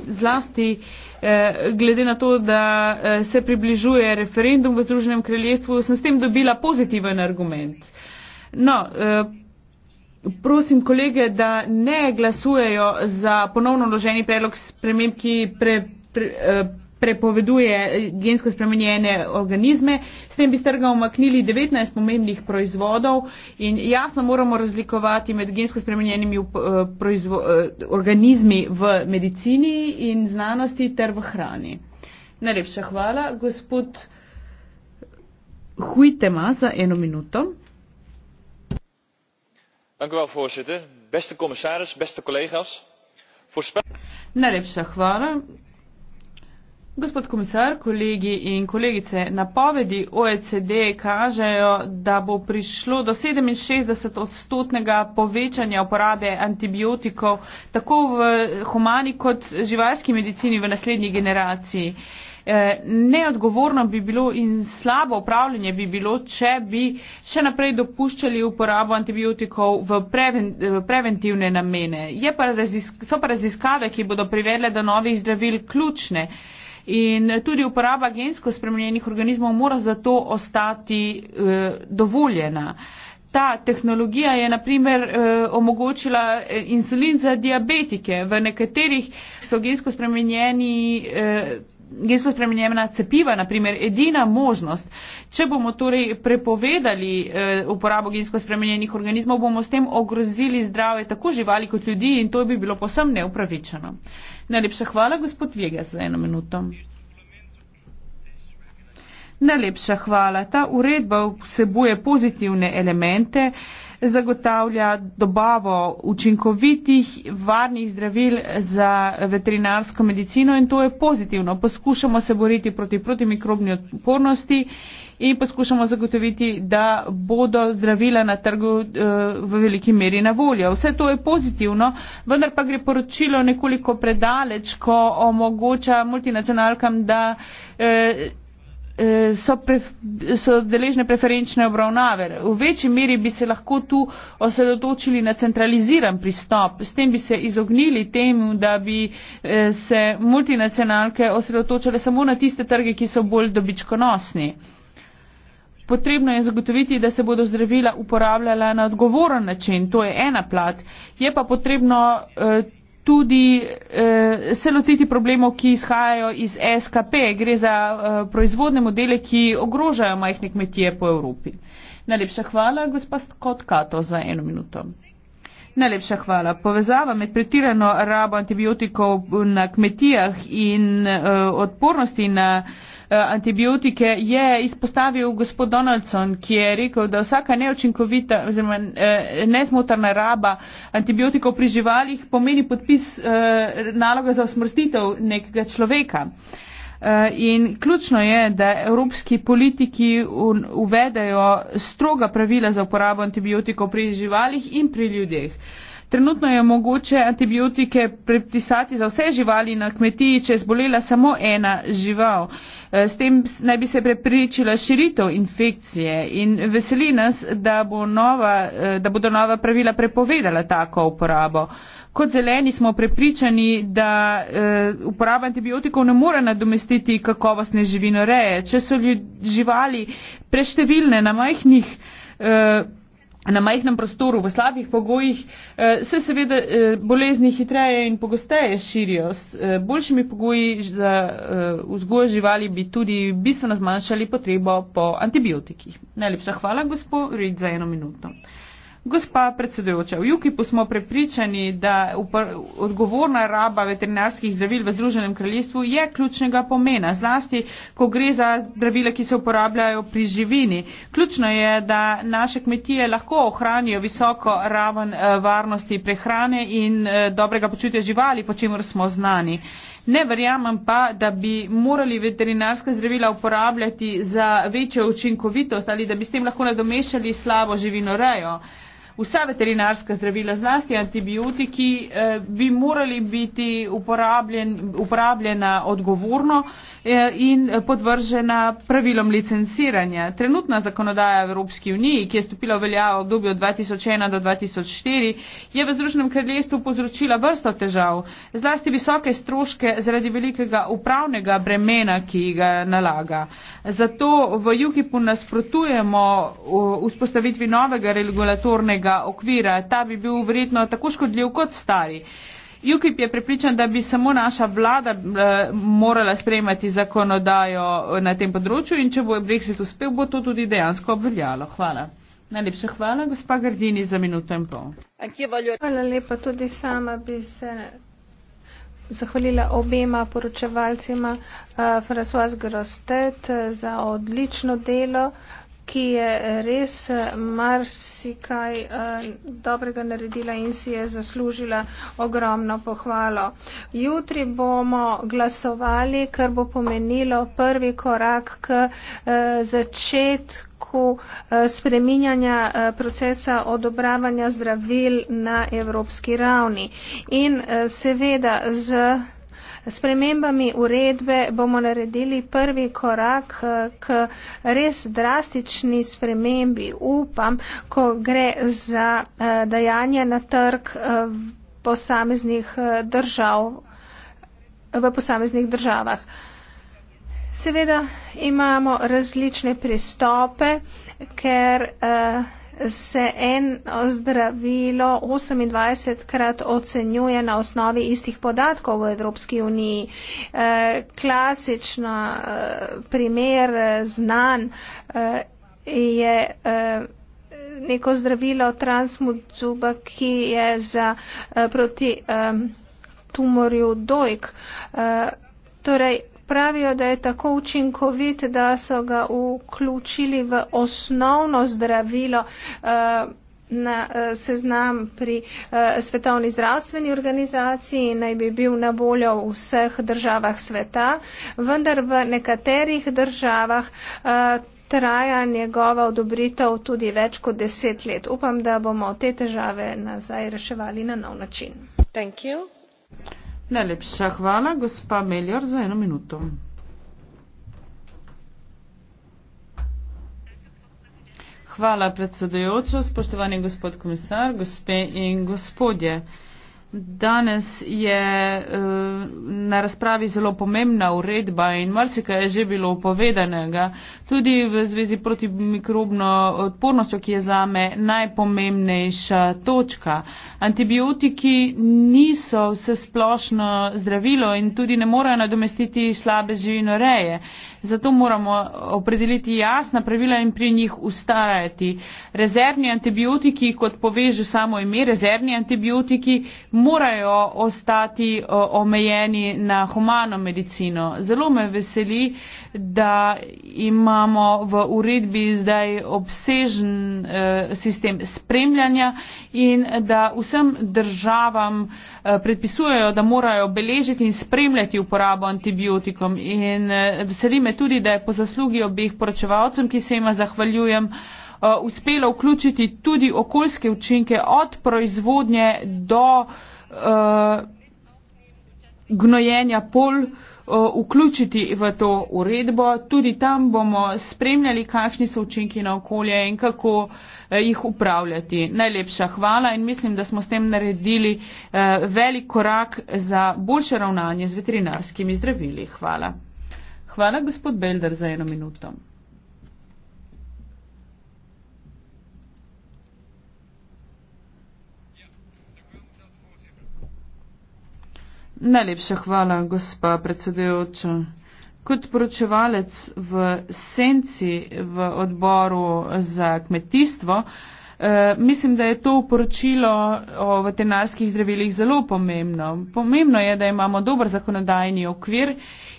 zlasti eh, glede na to, da eh, se približuje referendum v Združenem kraljestvu, sem s tem dobila pozitiven argument. No, eh, prosim kolege, da ne glasujejo za ponovno vloženi predlog sprememb, ki pre, pre, eh, prepoveduje gensko spremenjene organizme. S tem bi strga omaknili 19 pomembnih proizvodov in jasno moramo razlikovati med gensko spremenjenimi eh, eh, organizmi v medicini in znanosti ter v hrani. Najlepša hvala. Gospod Huitema za eno minuto voorzitter beste commissaris beste collega's Najlepša hvala. Gospod komisar, kolegi in kolegice, napovedi OECD kažejo, da bo prišlo do 67 odstotnega povečanja uporabe antibiotikov tako v humani kot živalski medicini v naslednji generaciji. Eh, neodgovorno bi bilo in slabo upravljanje bi bilo, če bi še naprej dopuščali uporabo antibiotikov v preventivne namene. Pa razisk, so pa raziskave, ki bodo privedle do novih zdravil ključne. In tudi uporaba gensko spremenjenih organizmov mora zato ostati e, dovoljena. Ta tehnologija je naprimer e, eh, omogočila insulin za diabetike. V nekaterih so gensko spremenjeni. E, niso spremenjena cepiva, naprimer, edina možnost. Če bomo torej prepovedali e, uporabo gensko spremenjenih organizmov, bomo s tem ogrozili zdrave tako živali kot ljudi in to bi bilo posem neupravičeno. Najlepša hvala, gospod Vjega, za eno minuto. Najlepša hvala. Ta uredba vsebuje pozitivne elemente zagotavlja dobavo učinkovitih, varnih zdravil za veterinarsko medicino in to je pozitivno. Poskušamo se boriti proti protimikrobni odpornosti in poskušamo zagotoviti, da bodo zdravila na trgu eh, v veliki meri na voljo. Vse to je pozitivno, vendar pa gre poročilo nekoliko predaleč, ko omogoča multinacionalkam, da eh, Eh, so, pref, so deležne preferenčne obravnave. V večji meri bi se lahko tu osredotočili na centraliziran pristop. S tem bi se izognili temu, da bi eh, se multinacionalke osredotočile samo na tiste trge, ki so bolj dobičkonosni. Potrebno je zagotoviti, da se bodo zdravila uporabljala na odgovoren način. To je ena plat. Je pa potrebno eh, tudi eh, se lotiti problemov, ki izhajajo iz SKP. Gre za eh, proizvodne modele, ki ogrožajo majhne kmetije po Evropi. Najlepša hvala, gospa Skotkato, za eno minuto. Najlepša hvala. Povezava med pretirano rabo antibiotikov na kmetijah in eh, odpornosti na. Eh, Eh, antibiotike, je izpostavil gospod Donaldson, ki je rekel, da vsaka neočinkovita oziroma eh, nesmotrna raba antibiotikov pri živalih pomeni podpis eh, naloga za usmrstitev nekega človeka. In ključno je, da evropski politiki uvedajo stroga pravila za uporabo antibiotikov pri živalih in pri ljudeh. Trenutno je mogoče antibiotike predpisati za vse živali na kmetiji, če je zbolela samo ena žival. Eh, s tem naj bi se prepričila širitev infekcije in veseli nas, da, bo nova, eh, da bodo nova pravila prepovedala tako uporabo. Kot zeleni smo prepričani, da eh, uporaba antibiotikov ne more nadomestiti kakovostne živinoreje. Če so ljud, živali preštevilne na majhnih na majhnem prostoru, v slabih pogojih, eh, se seveda eh, bolezni hitreje in pogosteje širijo. S eh, boljšimi pogoji za vzgojo živali bi tudi bistveno zmanjšali potrebo po antibiotikih. Najlepša hvala, gospod Rid, za eno minuto. Gospa predsedujoča, v Jukipu smo prepričani, da odgovorna raba veterinarskih zdravil v Združenem kraljestvu je ključnega pomena, zlasti, ko gre za zdravila, ki se uporabljajo pri živini. Ključno je, da naše kmetije lahko ohranijo visoko raven eh, varnosti prehrane in eh, dobrega počutja živali, po čemer smo znani. Ne verjamem pa, da bi morali veterinarska zdravila uporabljati za večjo učinkovitost ali da bi s tem lahko nadomešali slabo živino rejo vsa veterinarska zdravila, zlasti antibiotiki, eh, bi morali biti uporabljen, uporabljena odgovorno eh, in podvržena pravilom licenciranja. Trenutna zakonodaja Evropske unije, ki je stopila v veljavo v obdobju od 2001 do 2004, je v Združenem kraljestvu povzročila vrsto težav, zlasti visoke stroške zaradi velikega upravnega bremena, ki ga nalaga. Zato v UKIP-u nasprotujemo vzpostavitvi novega regulatornega pravnega okvira. Ta bi bil verjetno tako škodljiv kot stari. UKIP je pripričan, da bi samo naša vlada eh, morala sprejemati zakonodajo na tem področju in če bo Brexit uspel, bo to tudi dejansko obveljalo. Hvala. Najlepša hvala, gospa Gardini, za minuto in pol. Hvala lepa. Tudi sama bi se zahvalila obema poročevalcima, uh, eh, François Grostet, eh, za odlično delo. Uh, ki je eh, res eh, marsikaj eh, dobrega naredila in si je zaslužila ogromno pohvalo. Jutri bomo glasovali, ker bo pomenilo prvi korak k začetku spreminjanja procesa odobravanja zdravil na evropski ravni. In seveda z spremembami uredbe bomo naredili prvi korak eh, k res drastični spremembi, upam, ko gre za eh, dajanje na trg eh, posameznih držav, v posameznih državah. Seveda imamo različne pristope, ker eh, se eno zdravilo 28krat ocenjuje na osnovi istih podatkov v Evropski uniji. E, klasično e, primer e, znan e, je e, neko zdravilo transmuzuba, ki je za e, proti e, tumorju dojk. E, torej, pravijo, da je tako učinkovit, da so ga vključili v osnovno zdravilo eh, na eh, seznam pri eh, Svetovni zdravstveni organizaciji in naj bi bil na voljo v vseh državah sveta, vendar v nekaterih državah traja njegova odobritev tudi več kot deset let. Upam, da bomo te težave nazaj reševali na nov način. Thank you. Najlepša hvala, gospa Melior, za eno minuto. Hvala predsedujočo, spoštovani gospod komisar, gospe in gospodje. Danes je eh, na razpravi zelo pomembna uredba in marsikaj je že bilo povedanega, tudi v zvezi proti mikrobno odpornostjo, ki je zame najpomembnejša točka. Antibiotiki niso vse splošno zdravilo in tudi ne morejo nadomestiti slabe živinoreje. Zato moramo opredeliti jasna pravila in pri njih ustajati. Rezervni antibiotiki, kot poveže samo ime, rezervni antibiotiki morajo ostati omejeni na humano medicino. Zelo me veseli, da imamo v uredbi zdaj obsežen e, sistem spremljanja in da vsem državam e, predpisujejo, da morajo beležiti in spremljati uporabo antibiotikom. In e, veseli me tudi, da je po zaslugi obeh poročevalcem, ki se jima zahvaljujem, Eh, uspela vključiti tudi okoljske učinke od proizvodnje do uh, gnojenja pol, uh, eh, vključiti v to uredbo. Tudi tam bomo spremljali, kakšni so učinki na okolje in kako jih upravljati. Najlepša hvala in mislim, da smo s tem naredili uh, velik korak za boljše ravnanje z veterinarskimi zdravili. Hvala. Hvala gospod Belder za eno minuto. Najlepša hvala, gospa predsedujoča. Kot poročevalec v senci v odboru za kmetijstvo, eh, mislim, da je to poročilo o veterinarskih zdravilih zelo pomembno. Pomembno je, da imamo dober zakonodajni okvir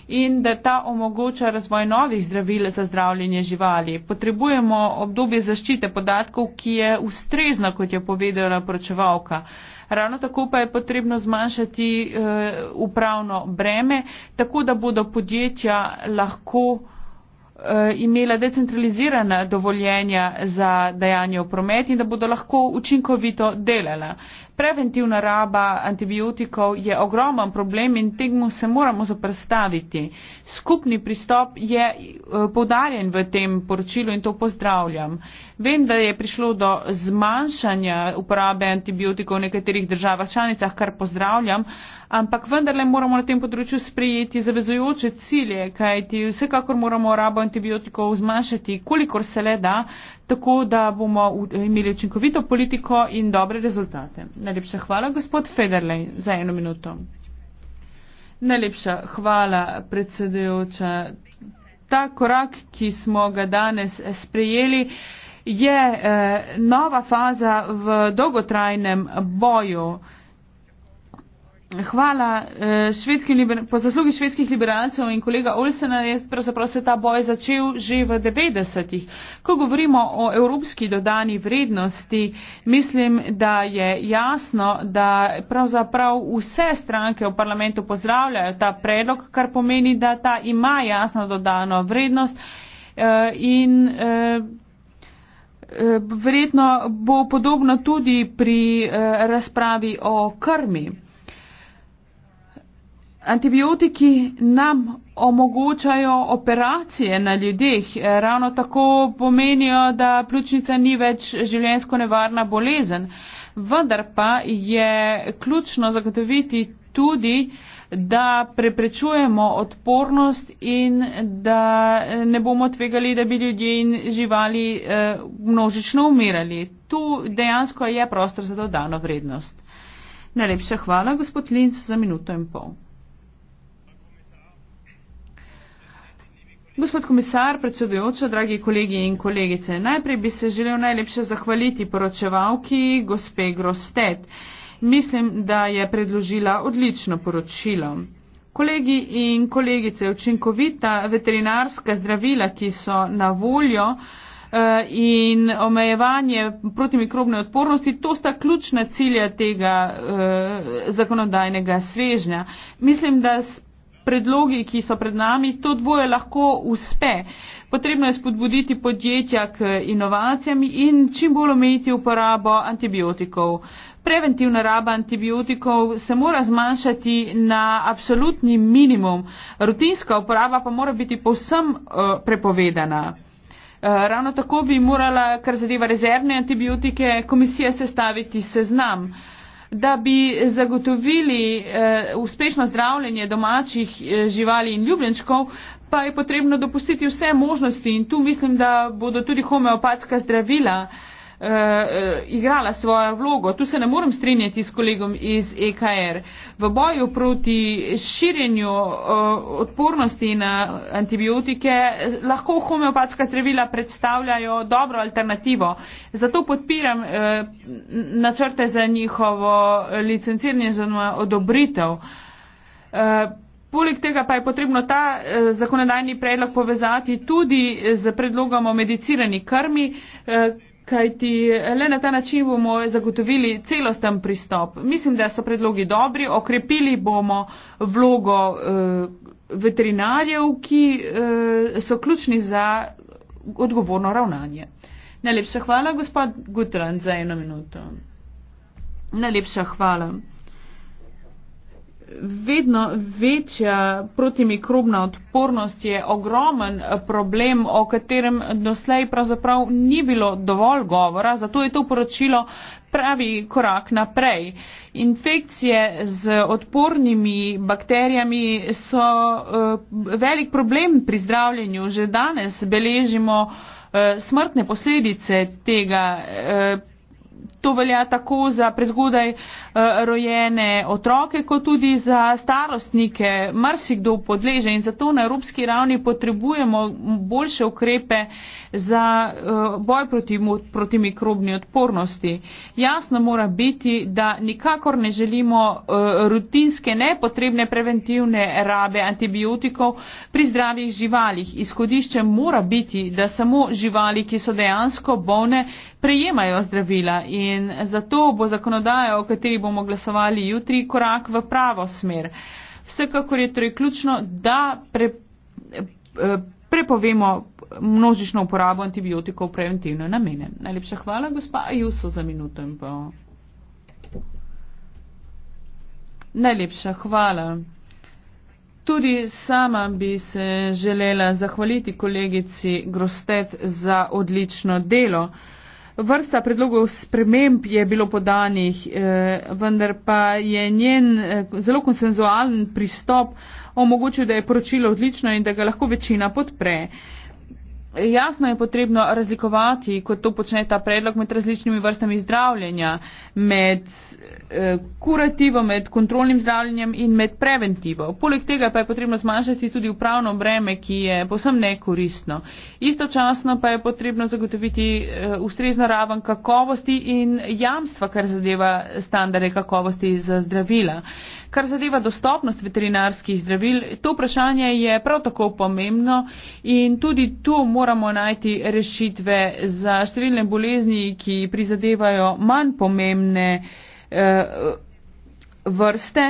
in da ta omogoča razvoj novih zdravil za zdravljenje živali. Potrebujemo obdobje zaščite podatkov, ki je ustrezna, kot je povedala poročevalka. Eh, ravno tako pa je potrebno zmanjšati uh, upravno breme, tako da bodo podjetja lahko eh, imela decentralizirana dovoljenja za dajanje v promet in da bodo lahko učinkovito delala preventivna raba antibiotikov je ogroman problem in temu se moramo zaprstaviti. Skupni pristop je eh, podarjen v tem poročilu in to pozdravljam. Vem, da je prišlo do zmanjšanja uporabe antibiotikov v nekaterih državah članicah, kar pozdravljam, ampak vendarle moramo na tem področju sprejeti zavezujoče cilje, kajti vsekakor moramo rabo antibiotikov zmanjšati, kolikor se le da, tako da bomo imeli učinkovito politiko in dobre rezultate. Najlepša hvala, gospod Federlej, za eno minuto. Najlepša hvala, predsedujoča. Ta korak, ki smo ga danes sprejeli, je eh, nova faza v dolgotrajnem boju. Hvala. Eh, liber, po zaslugi švedskih liberalcev in kolega Olsena je pravzaprav se ta boj začel že v 90-ih. Ko govorimo o evropski dodani vrednosti, mislim, da je jasno, da pravzaprav vse stranke v parlamentu pozdravljajo ta predlog, kar pomeni, da ta ima jasno dodano vrednost. Eh, in, eh, Verjetno bo podobno tudi pri eh, razpravi o krmi. Antibiotiki nam omogočajo operacije na ljudeh, ravno tako pomenijo, da pljučnica ni več življensko nevarna bolezen. Vendar pa je ključno zagotoviti tudi, da preprečujemo odpornost in da ne bomo tvegali, da bi ljudje in živali eh, množično umirali. Tu dejansko je prostor za dodano vrednost. Najlepša hvala, gospod Linz, za minuto in pol. Gospod komisar, predsedujoča, dragi kolegi in kolegice, najprej bi se želel najlepše zahvaliti poročevalki gospe Grostet. Mislim, da je predložila odlično poročilo. Kolegi in kolegice, učinkovita veterinarska zdravila, ki so na voljo eh, in omejevanje protimikrobne odpornosti, to sta ključna cilja tega eh, zakonodajnega svežnja. Mislim, da predlogi, ki so pred nami, to dvoje lahko uspe. Potrebno je spodbuditi podjetja k inovacijam in čim bolj omejiti uporabo antibiotikov. Preventivna raba antibiotikov se mora zmanjšati na absolutni minimum, rutinska uporaba pa mora biti povsem uh, prepovedana. Eh, ravno tako bi morala, kar zadeva rezervne antibiotike, komisija sestaviti seznam uh, da bi zagotovili eh, uspešno zdravljenje domačih eh, živali in ljubljenčkov, pa je potrebno dopustiti vse možnosti in tu mislim, da bodo tudi homeopatska zdravila eh, uh, igrala svojo vlogo. Tu se ne morem strinjati s kolegom iz EKR. V boju proti širjenju uh, odpornosti na antibiotike lahko homeopatska zdravila predstavljajo dobro alternativo. Zato podpiram uh, načrte za njihovo licenciranje za odobritev. Uh, Poleg tega pa je potrebno ta eh, zakonodajni predlog povezati tudi z predlogom o medicirani krmi, eh, kajti le na ta način bomo zagotovili celosten pristop. Mislim, da so predlogi dobri, okrepili bomo vlogo eh, veterinarjev, ki eh, so ključni za odgovorno ravnanje. Najlepša hvala, gospod Gutran, za eno minuto. Najlepša hvala vedno večja protimikrobna odpornost je ogromen problem, o katerem doslej pravzaprav ni bilo dovolj govora, zato je to poročilo pravi korak naprej. Infekcije z odpornimi bakterijami so eh, velik problem pri zdravljenju. Že danes beležimo eh, smrtne posledice tega eh, To velja tako za prezgodaj eh, rojene otroke, kot tudi za starostnike. Mrsikdo podleže in zato na evropski ravni potrebujemo boljše ukrepe za eh, boj proti, proti mikrobni odpornosti. Jasno mora biti, da nikakor ne želimo eh, rutinske nepotrebne preventivne rabe antibiotikov pri zdravih živalih. Izhodišče mora biti, da samo živali, ki so dejansko bolne, prejemajo zdravila in zato bo zakonodaja, o kateri bomo glasovali jutri, korak v pravo smer. Vsekakor je torej ključno, da pre, eh, prepovemo množično uporabo antibiotikov v preventivne namene. Najlepša hvala, gospa Ajuso, za minuto in pol. Najlepša hvala. Tudi sama bi se želela zahvaliti kolegici Grostet za odlično delo. Vrsta predlogov sprememb je bilo podanih, eh, vendar pa je njen eh, zelo konsenzualen pristop omogočil, da je poročilo odlično in da ga lahko večina podpre. Jasno je potrebno razlikovati, kot to počne ta predlog, med različnimi vrstami zdravljenja, med eh, kurativo, med kontrolnim zdravljenjem in med preventivo. Poleg tega pa je potrebno zmanjšati tudi upravno breme, ki je posem nekoristno. Istočasno pa je potrebno zagotoviti eh, ustrezno raven kakovosti in jamstva, kar zadeva standarde kakovosti za zdravila. Kar zadeva dostopnost veterinarskih zdravil, to vprašanje je prav tako pomembno in tudi tu moramo najti rešitve za številne bolezni, ki prizadevajo manj pomembne eh, vrste,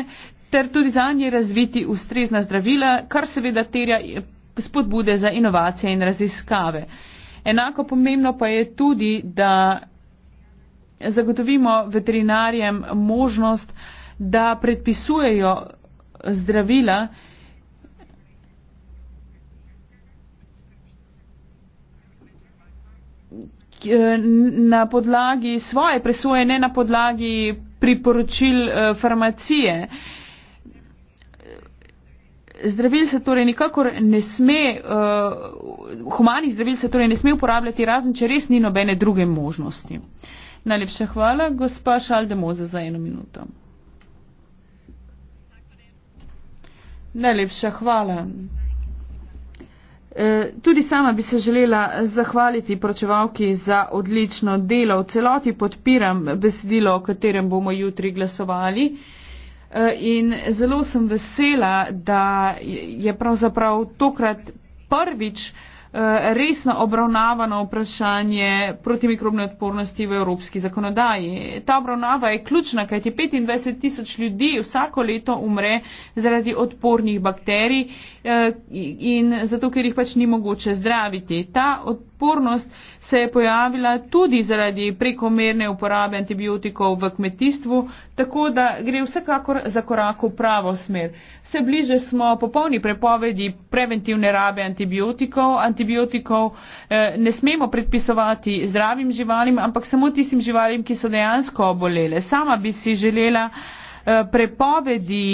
ter tudi za nje razviti ustrezna zdravila, kar seveda terja spodbude za inovacije in raziskave. Enako pomembno pa je tudi, da zagotovimo veterinarjem možnost, da predpisujejo zdravila, eh, na podlagi svoje presoje, ne na podlagi priporočil eh, farmacije. Zdravil se torej nikakor ne sme, uh, eh, humanih zdravil se torej ne sme uporabljati, razen če res ni nobene druge možnosti. Najlepša hvala, gospa Šaldemoza, za eno minuto. Najlepša hvala. E, tudi sama bi se želela zahvaliti pročevalki za odlično delo. V celoti podpiram besedilo, o katerem bomo jutri glasovali. E, in zelo sem vesela, da je pravzaprav tokrat prvič Eh, resno obravnavano vprašanje protimikrobne odpornosti v evropski zakonodaji. Ta obravnava je ključna, kajti 25 tisoč ljudi vsako leto umre zaradi odpornih bakterij Eh, in zato, ker jih pač ni mogoče zdraviti. Ta odpornost se je pojavila tudi zaradi prekomerne uporabe antibiotikov v kmetijstvu, tako da gre vsekakor za korak v pravo smer. Vse bliže smo popolni prepovedi preventivne rabe antibiotikov. Antibiotikov eh, ne smemo predpisovati zdravim živalim, ampak samo tistim živalim, ki so dejansko obolele. Sama bi si želela eh, prepovedi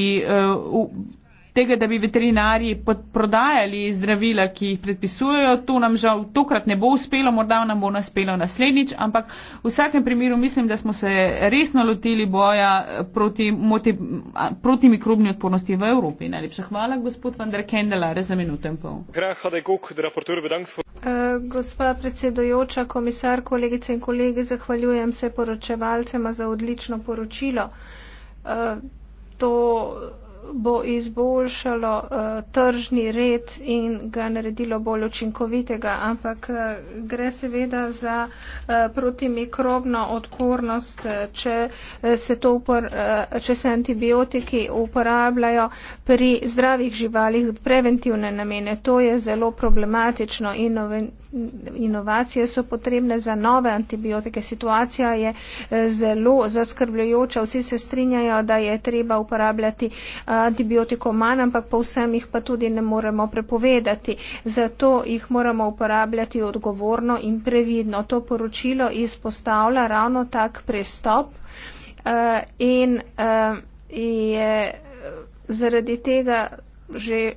tega, da bi veterinari prodajali zdravila, ki jih predpisujejo. To nam žal tokrat ne bo uspelo, morda nam bo naspelo naslednjič, ampak v vsakem primeru mislim, da smo se resno lotili boja eh, proti, moti, proti mikrobni odpornosti v Evropi. Najlepša hvala, gospod Vander Kendelare, za minuto in pol. Eh, gospod predsedojoča, komisar, kolegice in kolegi, zahvaljujem se poročevalcema za odlično poročilo. Eh, to bo izboljšalo uh, tržni red in ga naredilo bolj učinkovitega, ampak uh, gre seveda za uh, protimikrobno odpornost, če se, to, uh, če se antibiotiki uporabljajo pri zdravih živalih preventivne namene. To je zelo problematično in noven, inovacije so potrebne za nove antibiotike. Situacija je eh, zelo zaskrbljujoča. Vsi se strinjajo, da je treba uporabljati eh, antibiotiko manj, ampak povsem jih pa tudi ne moremo prepovedati. Zato jih moramo uporabljati odgovorno in previdno. To poročilo izpostavlja ravno tak prestop eh, in je zaradi tega že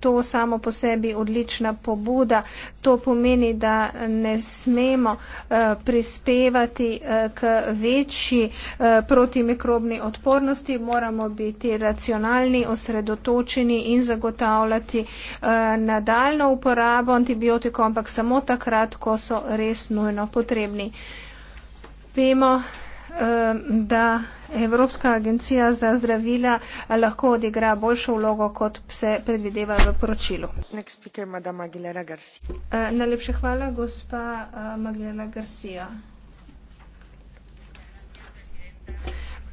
to samo po sebi odlična pobuda. To pomeni, da ne smemo eh, prispevati eh, k večji eh, protimikrobni odpornosti, moramo biti racionalni, osredotočeni in zagotavljati eh, nadaljno uporabo antibiotikov, ampak samo takrat, ko so res nujno potrebni. Vemo, Eh, da Evropska agencija za zdravila eh, lahko odigra boljšo vlogo, kot se predvideva v poročilu. Speaker, uh, najlepša hvala, gospa uh, Magdalena Garcia.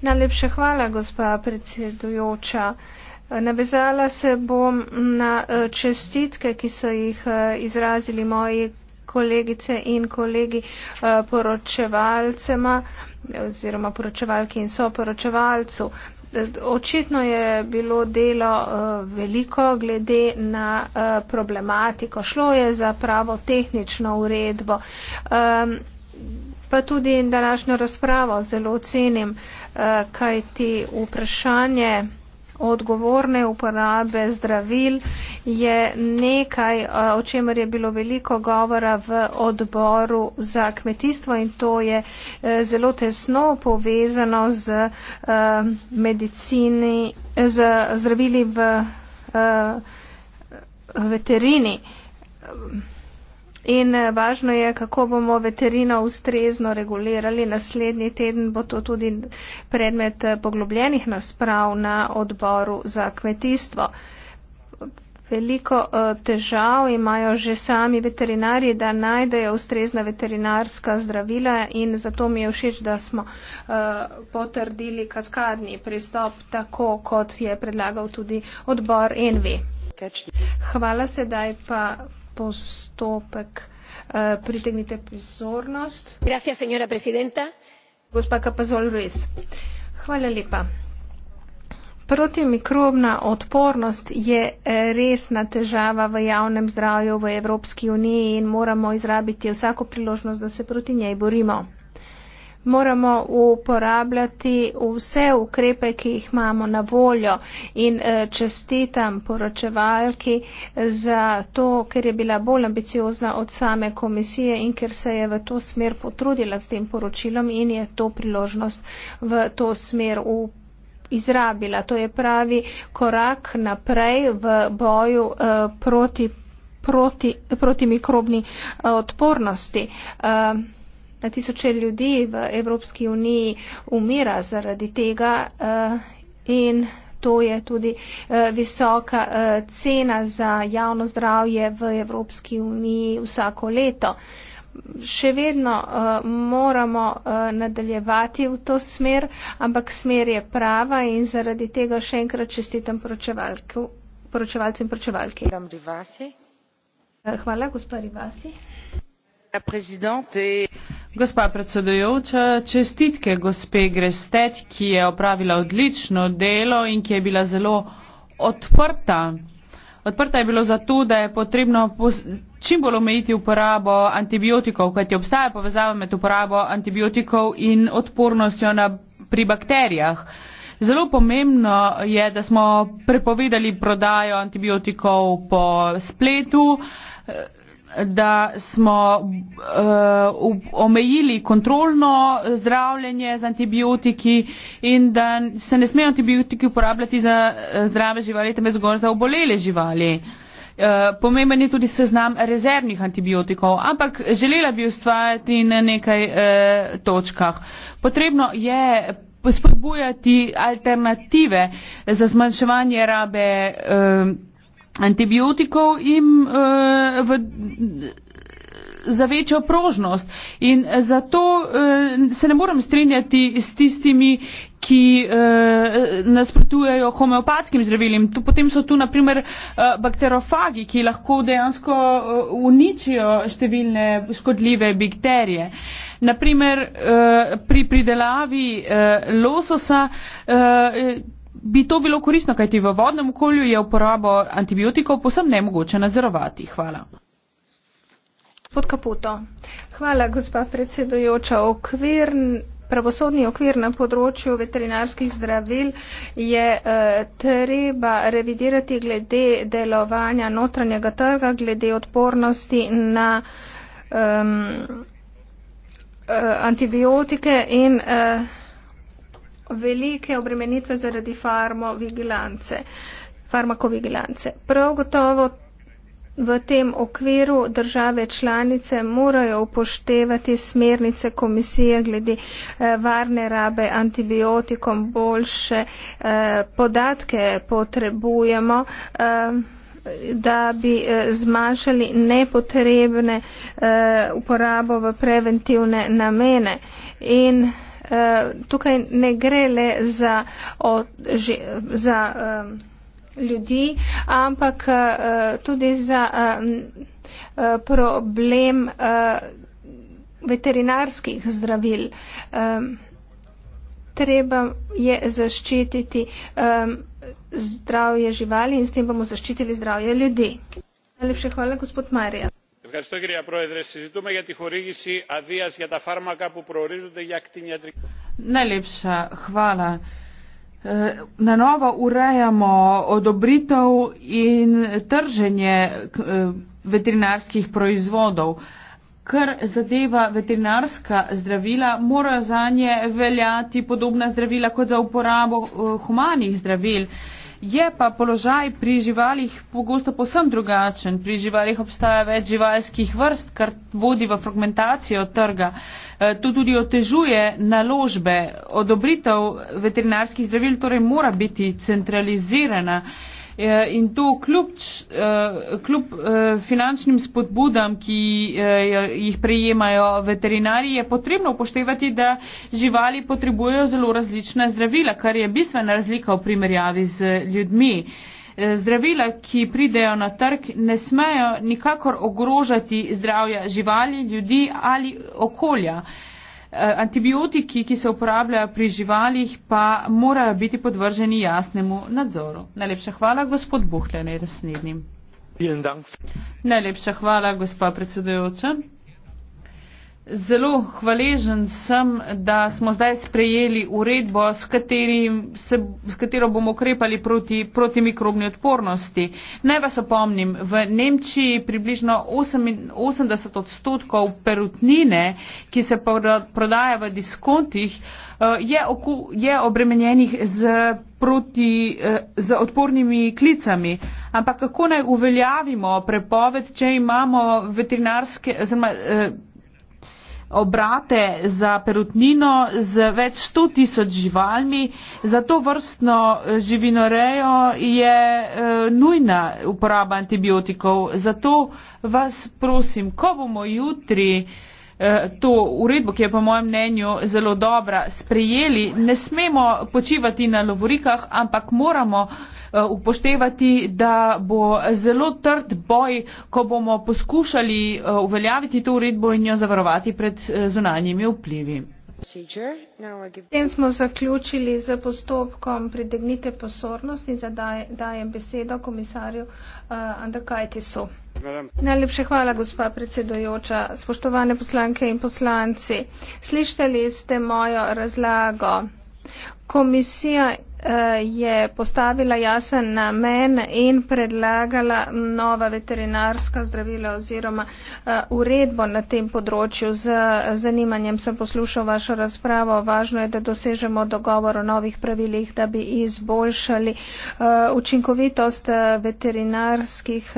Najlepša hvala, gospa predsedujoča. Navezala se bom na čestitke, ki so jih izrazili moji kolegice in kolegi poročevalcema oziroma poročevalki in soporočevalcu. Očitno je bilo delo eh, veliko glede na eh, problematiko. Šlo je za pravo tehnično uredbo. Pa tudi današnjo razpravo zelo cenim, eh, kajti vprašanje odgovorne uporabe zdravil je nekaj, eh, o čemer je bilo veliko govora v odboru za kmetijstvo in to je eh, zelo tesno povezano z eh, medicini, z zdravili v veterini. In eh, važno je, kako bomo veterino ustrezno regulirali. Naslednji teden bo to tudi predmet eh, poglobljenih nasprav na odboru za kmetijstvo. Veliko eh, težav imajo že sami veterinari, da najdejo ustrezna veterinarska zdravila in zato mi je všeč, da smo potrdili kaskadni pristop, tako kot je predlagal tudi odbor NV. Hvala sedaj pa. Eh, señora presidenta protimikrobna odpornost je eh, resna težava v javnem zdravju v evropski uniji in moramo izrabiti vsako priložnost da se proti njej borimo moramo uporabljati vse ukrepe, ki jih imamo na voljo in eh, čestitam poročevalki za to, ker je bila bolj ambiciozna od same komisije in ker se je v to smer potrudila s tem poročilom in je to priložnost v to smer uporabljati. Izrabila. To je pravi korak naprej v boju eh, proti, proti, proti mikrobni eh, odpornosti. Eh, na tisoče ljudi v Evropski uniji umira zaradi tega eh, in to je tudi eh, visoka eh, cena za javno zdravje v Evropski uniji vsako leto. Še vedno moramo nadaljevati v to smer, ampak smer je prava in zaradi tega še enkrat čestitam poročevalcem in poročevalki. Hvala, gospod Rivasi gospa predsedujoča čestitke gospe grested ki je opravila odlično delo in ki je bila zelo odprta. odprta je bilo zato da je potrebno čim bolj omejiti uporabo antibiotikov kajti obstaja povezava med uporabo antibiotikov in odpornostjo na, pri bakterijah. Zelo pomembno je, da smo prepovedali prodajo antibiotikov po spletu, da smo uh, omejili kontrolno zdravljenje z antibiotiki in da se ne smejo antibiotiki uporabljati za eh, zdrave živali, temveč zgolj za obolele živali. Eh, pomemben je tudi seznam rezervnih antibiotikov, ampak želela bi ustvarjati na nekaj eh, točkah. Potrebno je spodbujati alternative za zmanjševanje rabe. Eh, antibiotikov in uh, eh, v, za večjo prožnost. In eh, zato uh, se ne moram strinjati s tistimi, ki uh, nasprotujejo homeopatskim zdravilim. Tu, potem so tu naprimer uh, bakterofagi, ki lahko dejansko uh, uničijo številne škodljive bakterije. Naprimer uh, pri pridelavi uh, lososa. Uh, bi to bilo koristno, kajti v vodnem okolju je uporabo antibiotikov posebno nemogoče nadzorovati. Hvala. Pod kaputo. Hvala, gospa predsedujoča. Okvir, pravosodni okvir na področju veterinarskih zdravil je eh, treba revidirati glede delovanja notranjega trga, glede odpornosti na. Eh, antibiotike in eh, velike obremenitve zaradi farmakovigilance. Prav gotovo v tem okviru države članice morajo upoštevati smernice komisije glede eh, varne rabe antibiotikom, boljše eh, podatke potrebujemo eh, da bi zmanjšali nepotrebne uporabo v preventivne namene. In Eh, tukaj ne gre le za, o, že, za um, ljudi, ampak uh, tudi za um, uh, problem uh, veterinarskih zdravil. Um, treba je zaščititi um, zdravje živali in s tem bomo zaščitili zdravje ljudi. Najlepša hvala, gospod Marija κυρία πρόεδρε συζητούμε για τη χορήγηση αδεία για τα φάρμακα που προορίζονται για κτηνιατρική. Na novo urejamo odobritev in trženje veterinarskih proizvodov. Kar zadeva veterinarska zdravila, mora za nje veljati podobna zdravila kot za uporabo humanih zdravil. Je pa položaj pri živalih pogosto posem drugačen. Pri živalih obstaja več živalskih vrst, kar vodi v fragmentacijo trga. E, to tudi otežuje naložbe. Odobritev veterinarskih zdravil torej mora biti centralizirana. E, Eh, in to kljub, eh, kljub eh, finančnim spodbudam, ki jih prejemajo veterinari, je potrebno upoštevati, da živali potrebujejo zelo različna zdravila, kar je bistvena razlika v primerjavi z ljudmi. Zdravila, ki pridejo na trg, ne smejo nikakor ogrožati zdravja živali, ljudi ali okolja. Eh, antibiotiki, ki se uporabljajo pri živalih, pa morajo biti podvrženi jasnemu nadzoru. Najlepša hvala, gospod Buhljane, resnednim. Najlepša hvala, gospa predsedujoča. Zelo hvaležen sem, da smo zdaj sprejeli uredbo, s, se, s katero bomo ukrepali proti, proti mikrobni odpornosti. Naj vas opomnim, v Nemčiji približno 80 odstotkov perutnine, ki se prodaja v diskontih, eh, je, oku, je obremenjenih z, proti, eh, z odpornimi klicami. Ampak kako naj uveljavimo prepoved, če imamo veterinarske. Zrma, eh, obrate za perutnino z več sto tisoč živalmi. Za to vrstno eh, živinorejo je eh, nujna uporaba antibiotikov. Zato vas prosim, ko bomo jutri eh, to uredbo, ki je po mojem mnenju zelo dobra, sprejeli, ne smemo počivati na lovorikah, ampak moramo Eh, upoštevati, da bo zelo trd boj, ko bomo poskušali eh, uveljaviti to uredbo in jo zavarovati pred eh, zunanjimi vplivi. Tem smo zaključili z postopkom pridegnite pozornost in zadaj dajem besedo komisarju uh, Andrkajtisu. Najlepše hvala, gospa predsedujoča, spoštovane poslanke in poslanci. Slišali ste mojo razlago. Komisija Eh, je postavila jasen namen in predlagala nova veterinarska zdravila oziroma eh, uredbo na tem področju. Z eh, zanimanjem sem poslušal vašo razpravo. Važno je, da dosežemo dogovor o novih pravilih, da bi izboljšali učinkovitost veterinarskih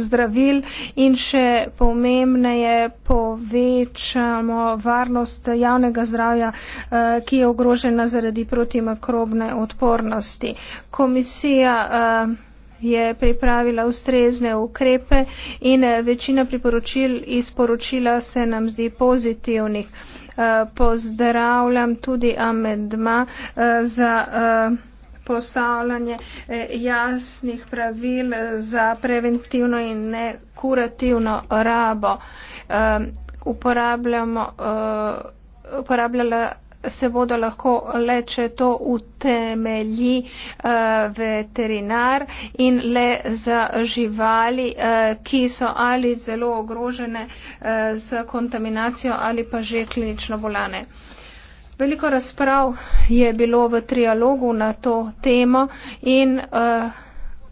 zdravil in še pomembneje povečamo varnost javnega zdravja, ki je ogrožena zaradi protimakrobne odločitve odpornosti. Komisija eh, je pripravila ustrezne ukrepe in eh, večina priporočil iz poročila se nam zdi pozitivnih. Eh, pozdravljam tudi amedma za postavljanje jasnih pravil za preventivno in nekurativno rabo. Uporabljamo, uporabljala se bodo lahko le, če to utemelji uh, veterinar in le za živali, uh, ki so ali zelo ogrožene uh, z kontaminacijo ali pa že klinično bolane. Veliko razprav je bilo v trialogu na to temo in uh,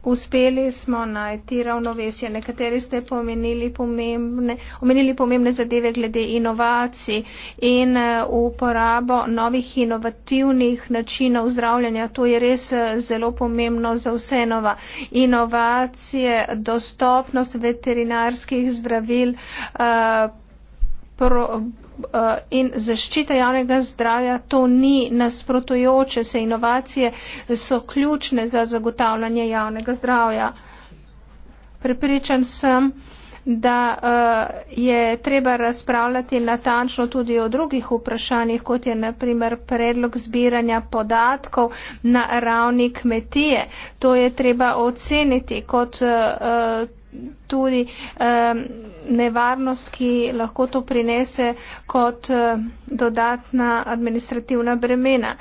uspeli smo najti ravnovesje. Nekateri ste pomenili pomembne, omenili pomembne zadeve glede inovacij in eh, uporabo novih inovativnih načinov zdravljanja. To je res eh, zelo pomembno za vse nova. Inovacije, dostopnost veterinarskih zdravil. Uh, pro, Eh, in zaščita javnega zdravja, to ni nasprotujoče se inovacije, so ključne za zagotavljanje javnega zdravja. Pripričan sem, da eh, je treba razpravljati natančno tudi o drugih vprašanjih, kot je naprimer predlog zbiranja podatkov na ravni kmetije. To je treba oceniti kot eh, tudi eh, nevarnost, ki lahko to prinese kot eh, dodatna administrativna bremena.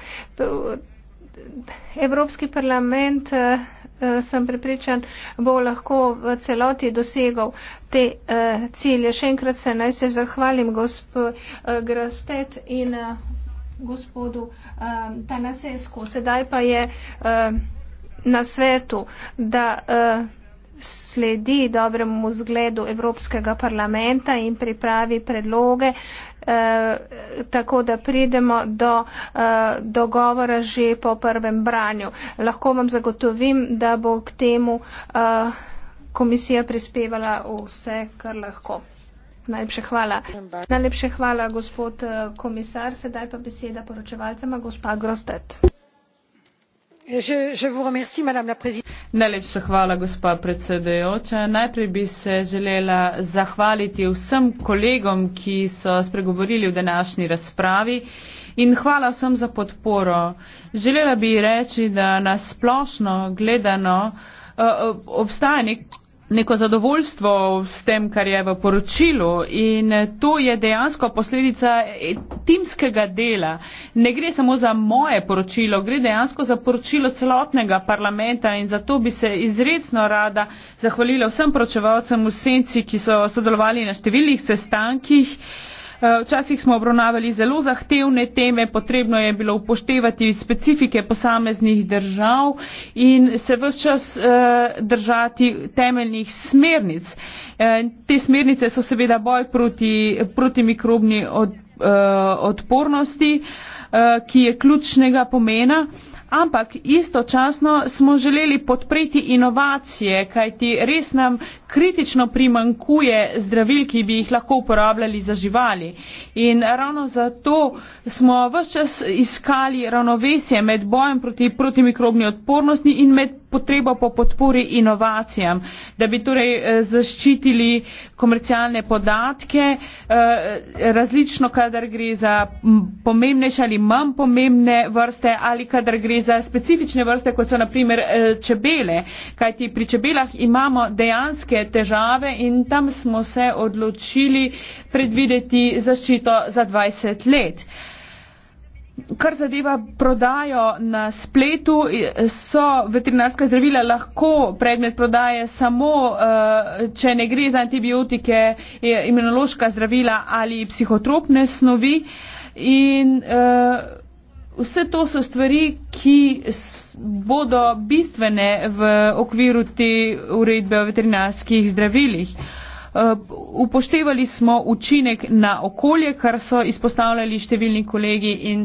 Evropski parlament, eh, sem prepričan, bo lahko v celoti dosegal te eh, cilje. Še enkrat se naj se zahvalim gospod eh, Grastet in eh, gospodu eh, Tanasesku. Sedaj pa je eh, na svetu, da. Eh, sledi dobremu zgledu Evropskega parlamenta in pripravi predloge, eh, tako da pridemo do eh, dogovora že po prvem branju. Lahko vam zagotovim, da bo k temu eh, komisija prispevala vse, kar lahko. Najlepše hvala. Najlepše hvala, gospod eh, komisar. Sedaj pa beseda poročevalcema, gospa Grostet najlepša hvala gospa predsedujoča najprej bi se želela zahvaliti vsem kolegom ki so spregovorili v današnji razpravi in hvala vsem za podporo želela bi reči da nasplošno gledano eh, obstaja nek neko zadovoljstvo s tem, kar je v poročilu in to je dejansko posledica timskega dela. Ne gre samo za moje poročilo, gre dejansko za poročilo celotnega parlamenta in zato bi se izredno rada zahvalila vsem poročevalcem v senci, ki so sodelovali na številnih sestankih. Uh, Včasih smo obravnavali zelo zahtevne teme, potrebno je bilo upoštevati specifike posameznih držav in se vse čas eh, držati temeljnih smernic. Eh, te smernice so seveda boj proti, proti mikrobni eh, odpornosti, ki je ključnega pomena ampak istočasno smo želeli podpreti inovacije, kajti res nam kritično primankuje zdravil, ki bi jih lahko uporabljali za živali. In ravno zato smo vse čas iskali ravnovesje med bojem proti protimikrobni odpornosti in med potrebo po podpori inovacijam, da bi torej eh, zaščitili komercialne podatke, eh, različno kadar gre za pomembnejše ali manj pomembne vrste ali kadar gre za specifične vrste, kot so naprimer eh, čebele, kajti pri čebelah imamo dejanske težave in tam smo se odločili predvideti zaščito za 20 let. Kar zadeva prodajo na spletu, so veterinarska zdravila lahko predmet prodaje samo, eh, če ne gre za antibiotike, imunološka zdravila ali psihotropne snovi. In eh, vse to so stvari, ki bodo bistvene v okviru te uredbe o veterinarskih zdravilih. Eh, upoštevali smo učinek na okolje, kar so izpostavljali številni kolegi in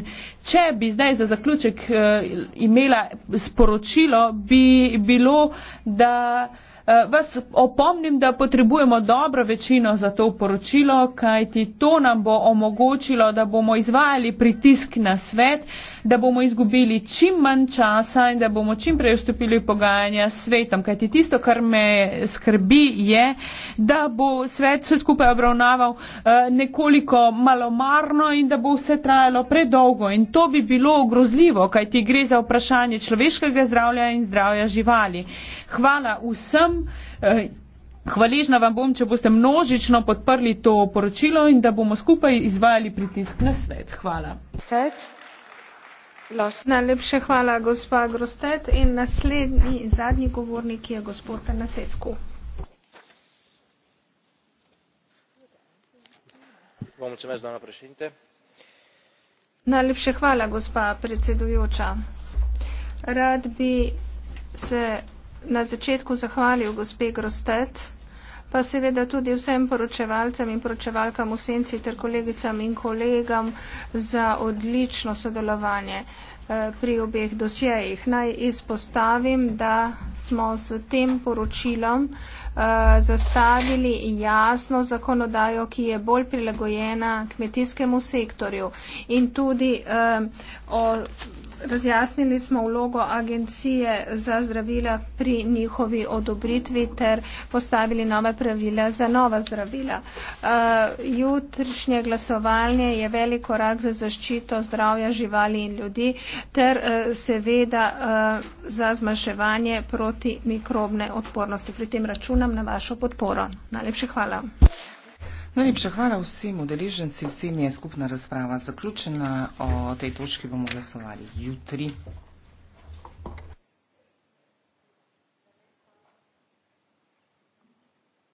če bi zdaj za zaključek eh, imela sporočilo, bi bilo, da eh, vas opomnim, da potrebujemo dobro večino za to poročilo, kajti to nam bo omogočilo, da bomo izvajali pritisk na svet, da bomo izgubili čim manj časa in da bomo čim prej vstopili v pogajanja s svetom. Kajti tisto, kar me skrbi, je, da bo svet vse skupaj obravnaval eh, nekoliko malomarno in da bo vse trajalo predolgo. In to bi bilo grozljivo, kajti gre za vprašanje človeškega zdravja in zdravja živali. Hvala vsem. Eh, hvaležna vam bom, če boste množično podprli to poročilo in da bomo skupaj izvajali pritisk na svet. Hvala. Svet. Los, najlepše hvala, gospa Grostet. In naslednji in zadnji govornik je gospod Tanasescu. Vam mulțumesc, doamna președinte. Najlepše hvala, gospa predsedujoča. Rad bi se na začetku zahvalil gospe Grostet, pa seveda tudi vsem poročevalcem in poročevalkam v senci ter kolegicam in kolegam za odlično sodelovanje eh, pri obeh dosjejih. Naj izpostavim, da smo s tem poročilom eh, zastavili jasno zakonodajo, ki je bolj prilagojena kmetijskemu sektorju in tudi eh, o Razjasnili smo vlogo agencije za zdravila pri njihovi odobritvi ter postavili nove pravila za nova zdravila. Eh, jutrišnje glasovanje je velik korak za zaščito zdravja živali in ljudi ter eh, seveda eh, za zmaševanje proti mikrobne odpornosti. Pri tem računam na vašo podporo. Najlepše hvala. Najlepša hvala vsem udeležencem, s tem je skupna razprava zaključena. O tej točki bomo glasovali jutri.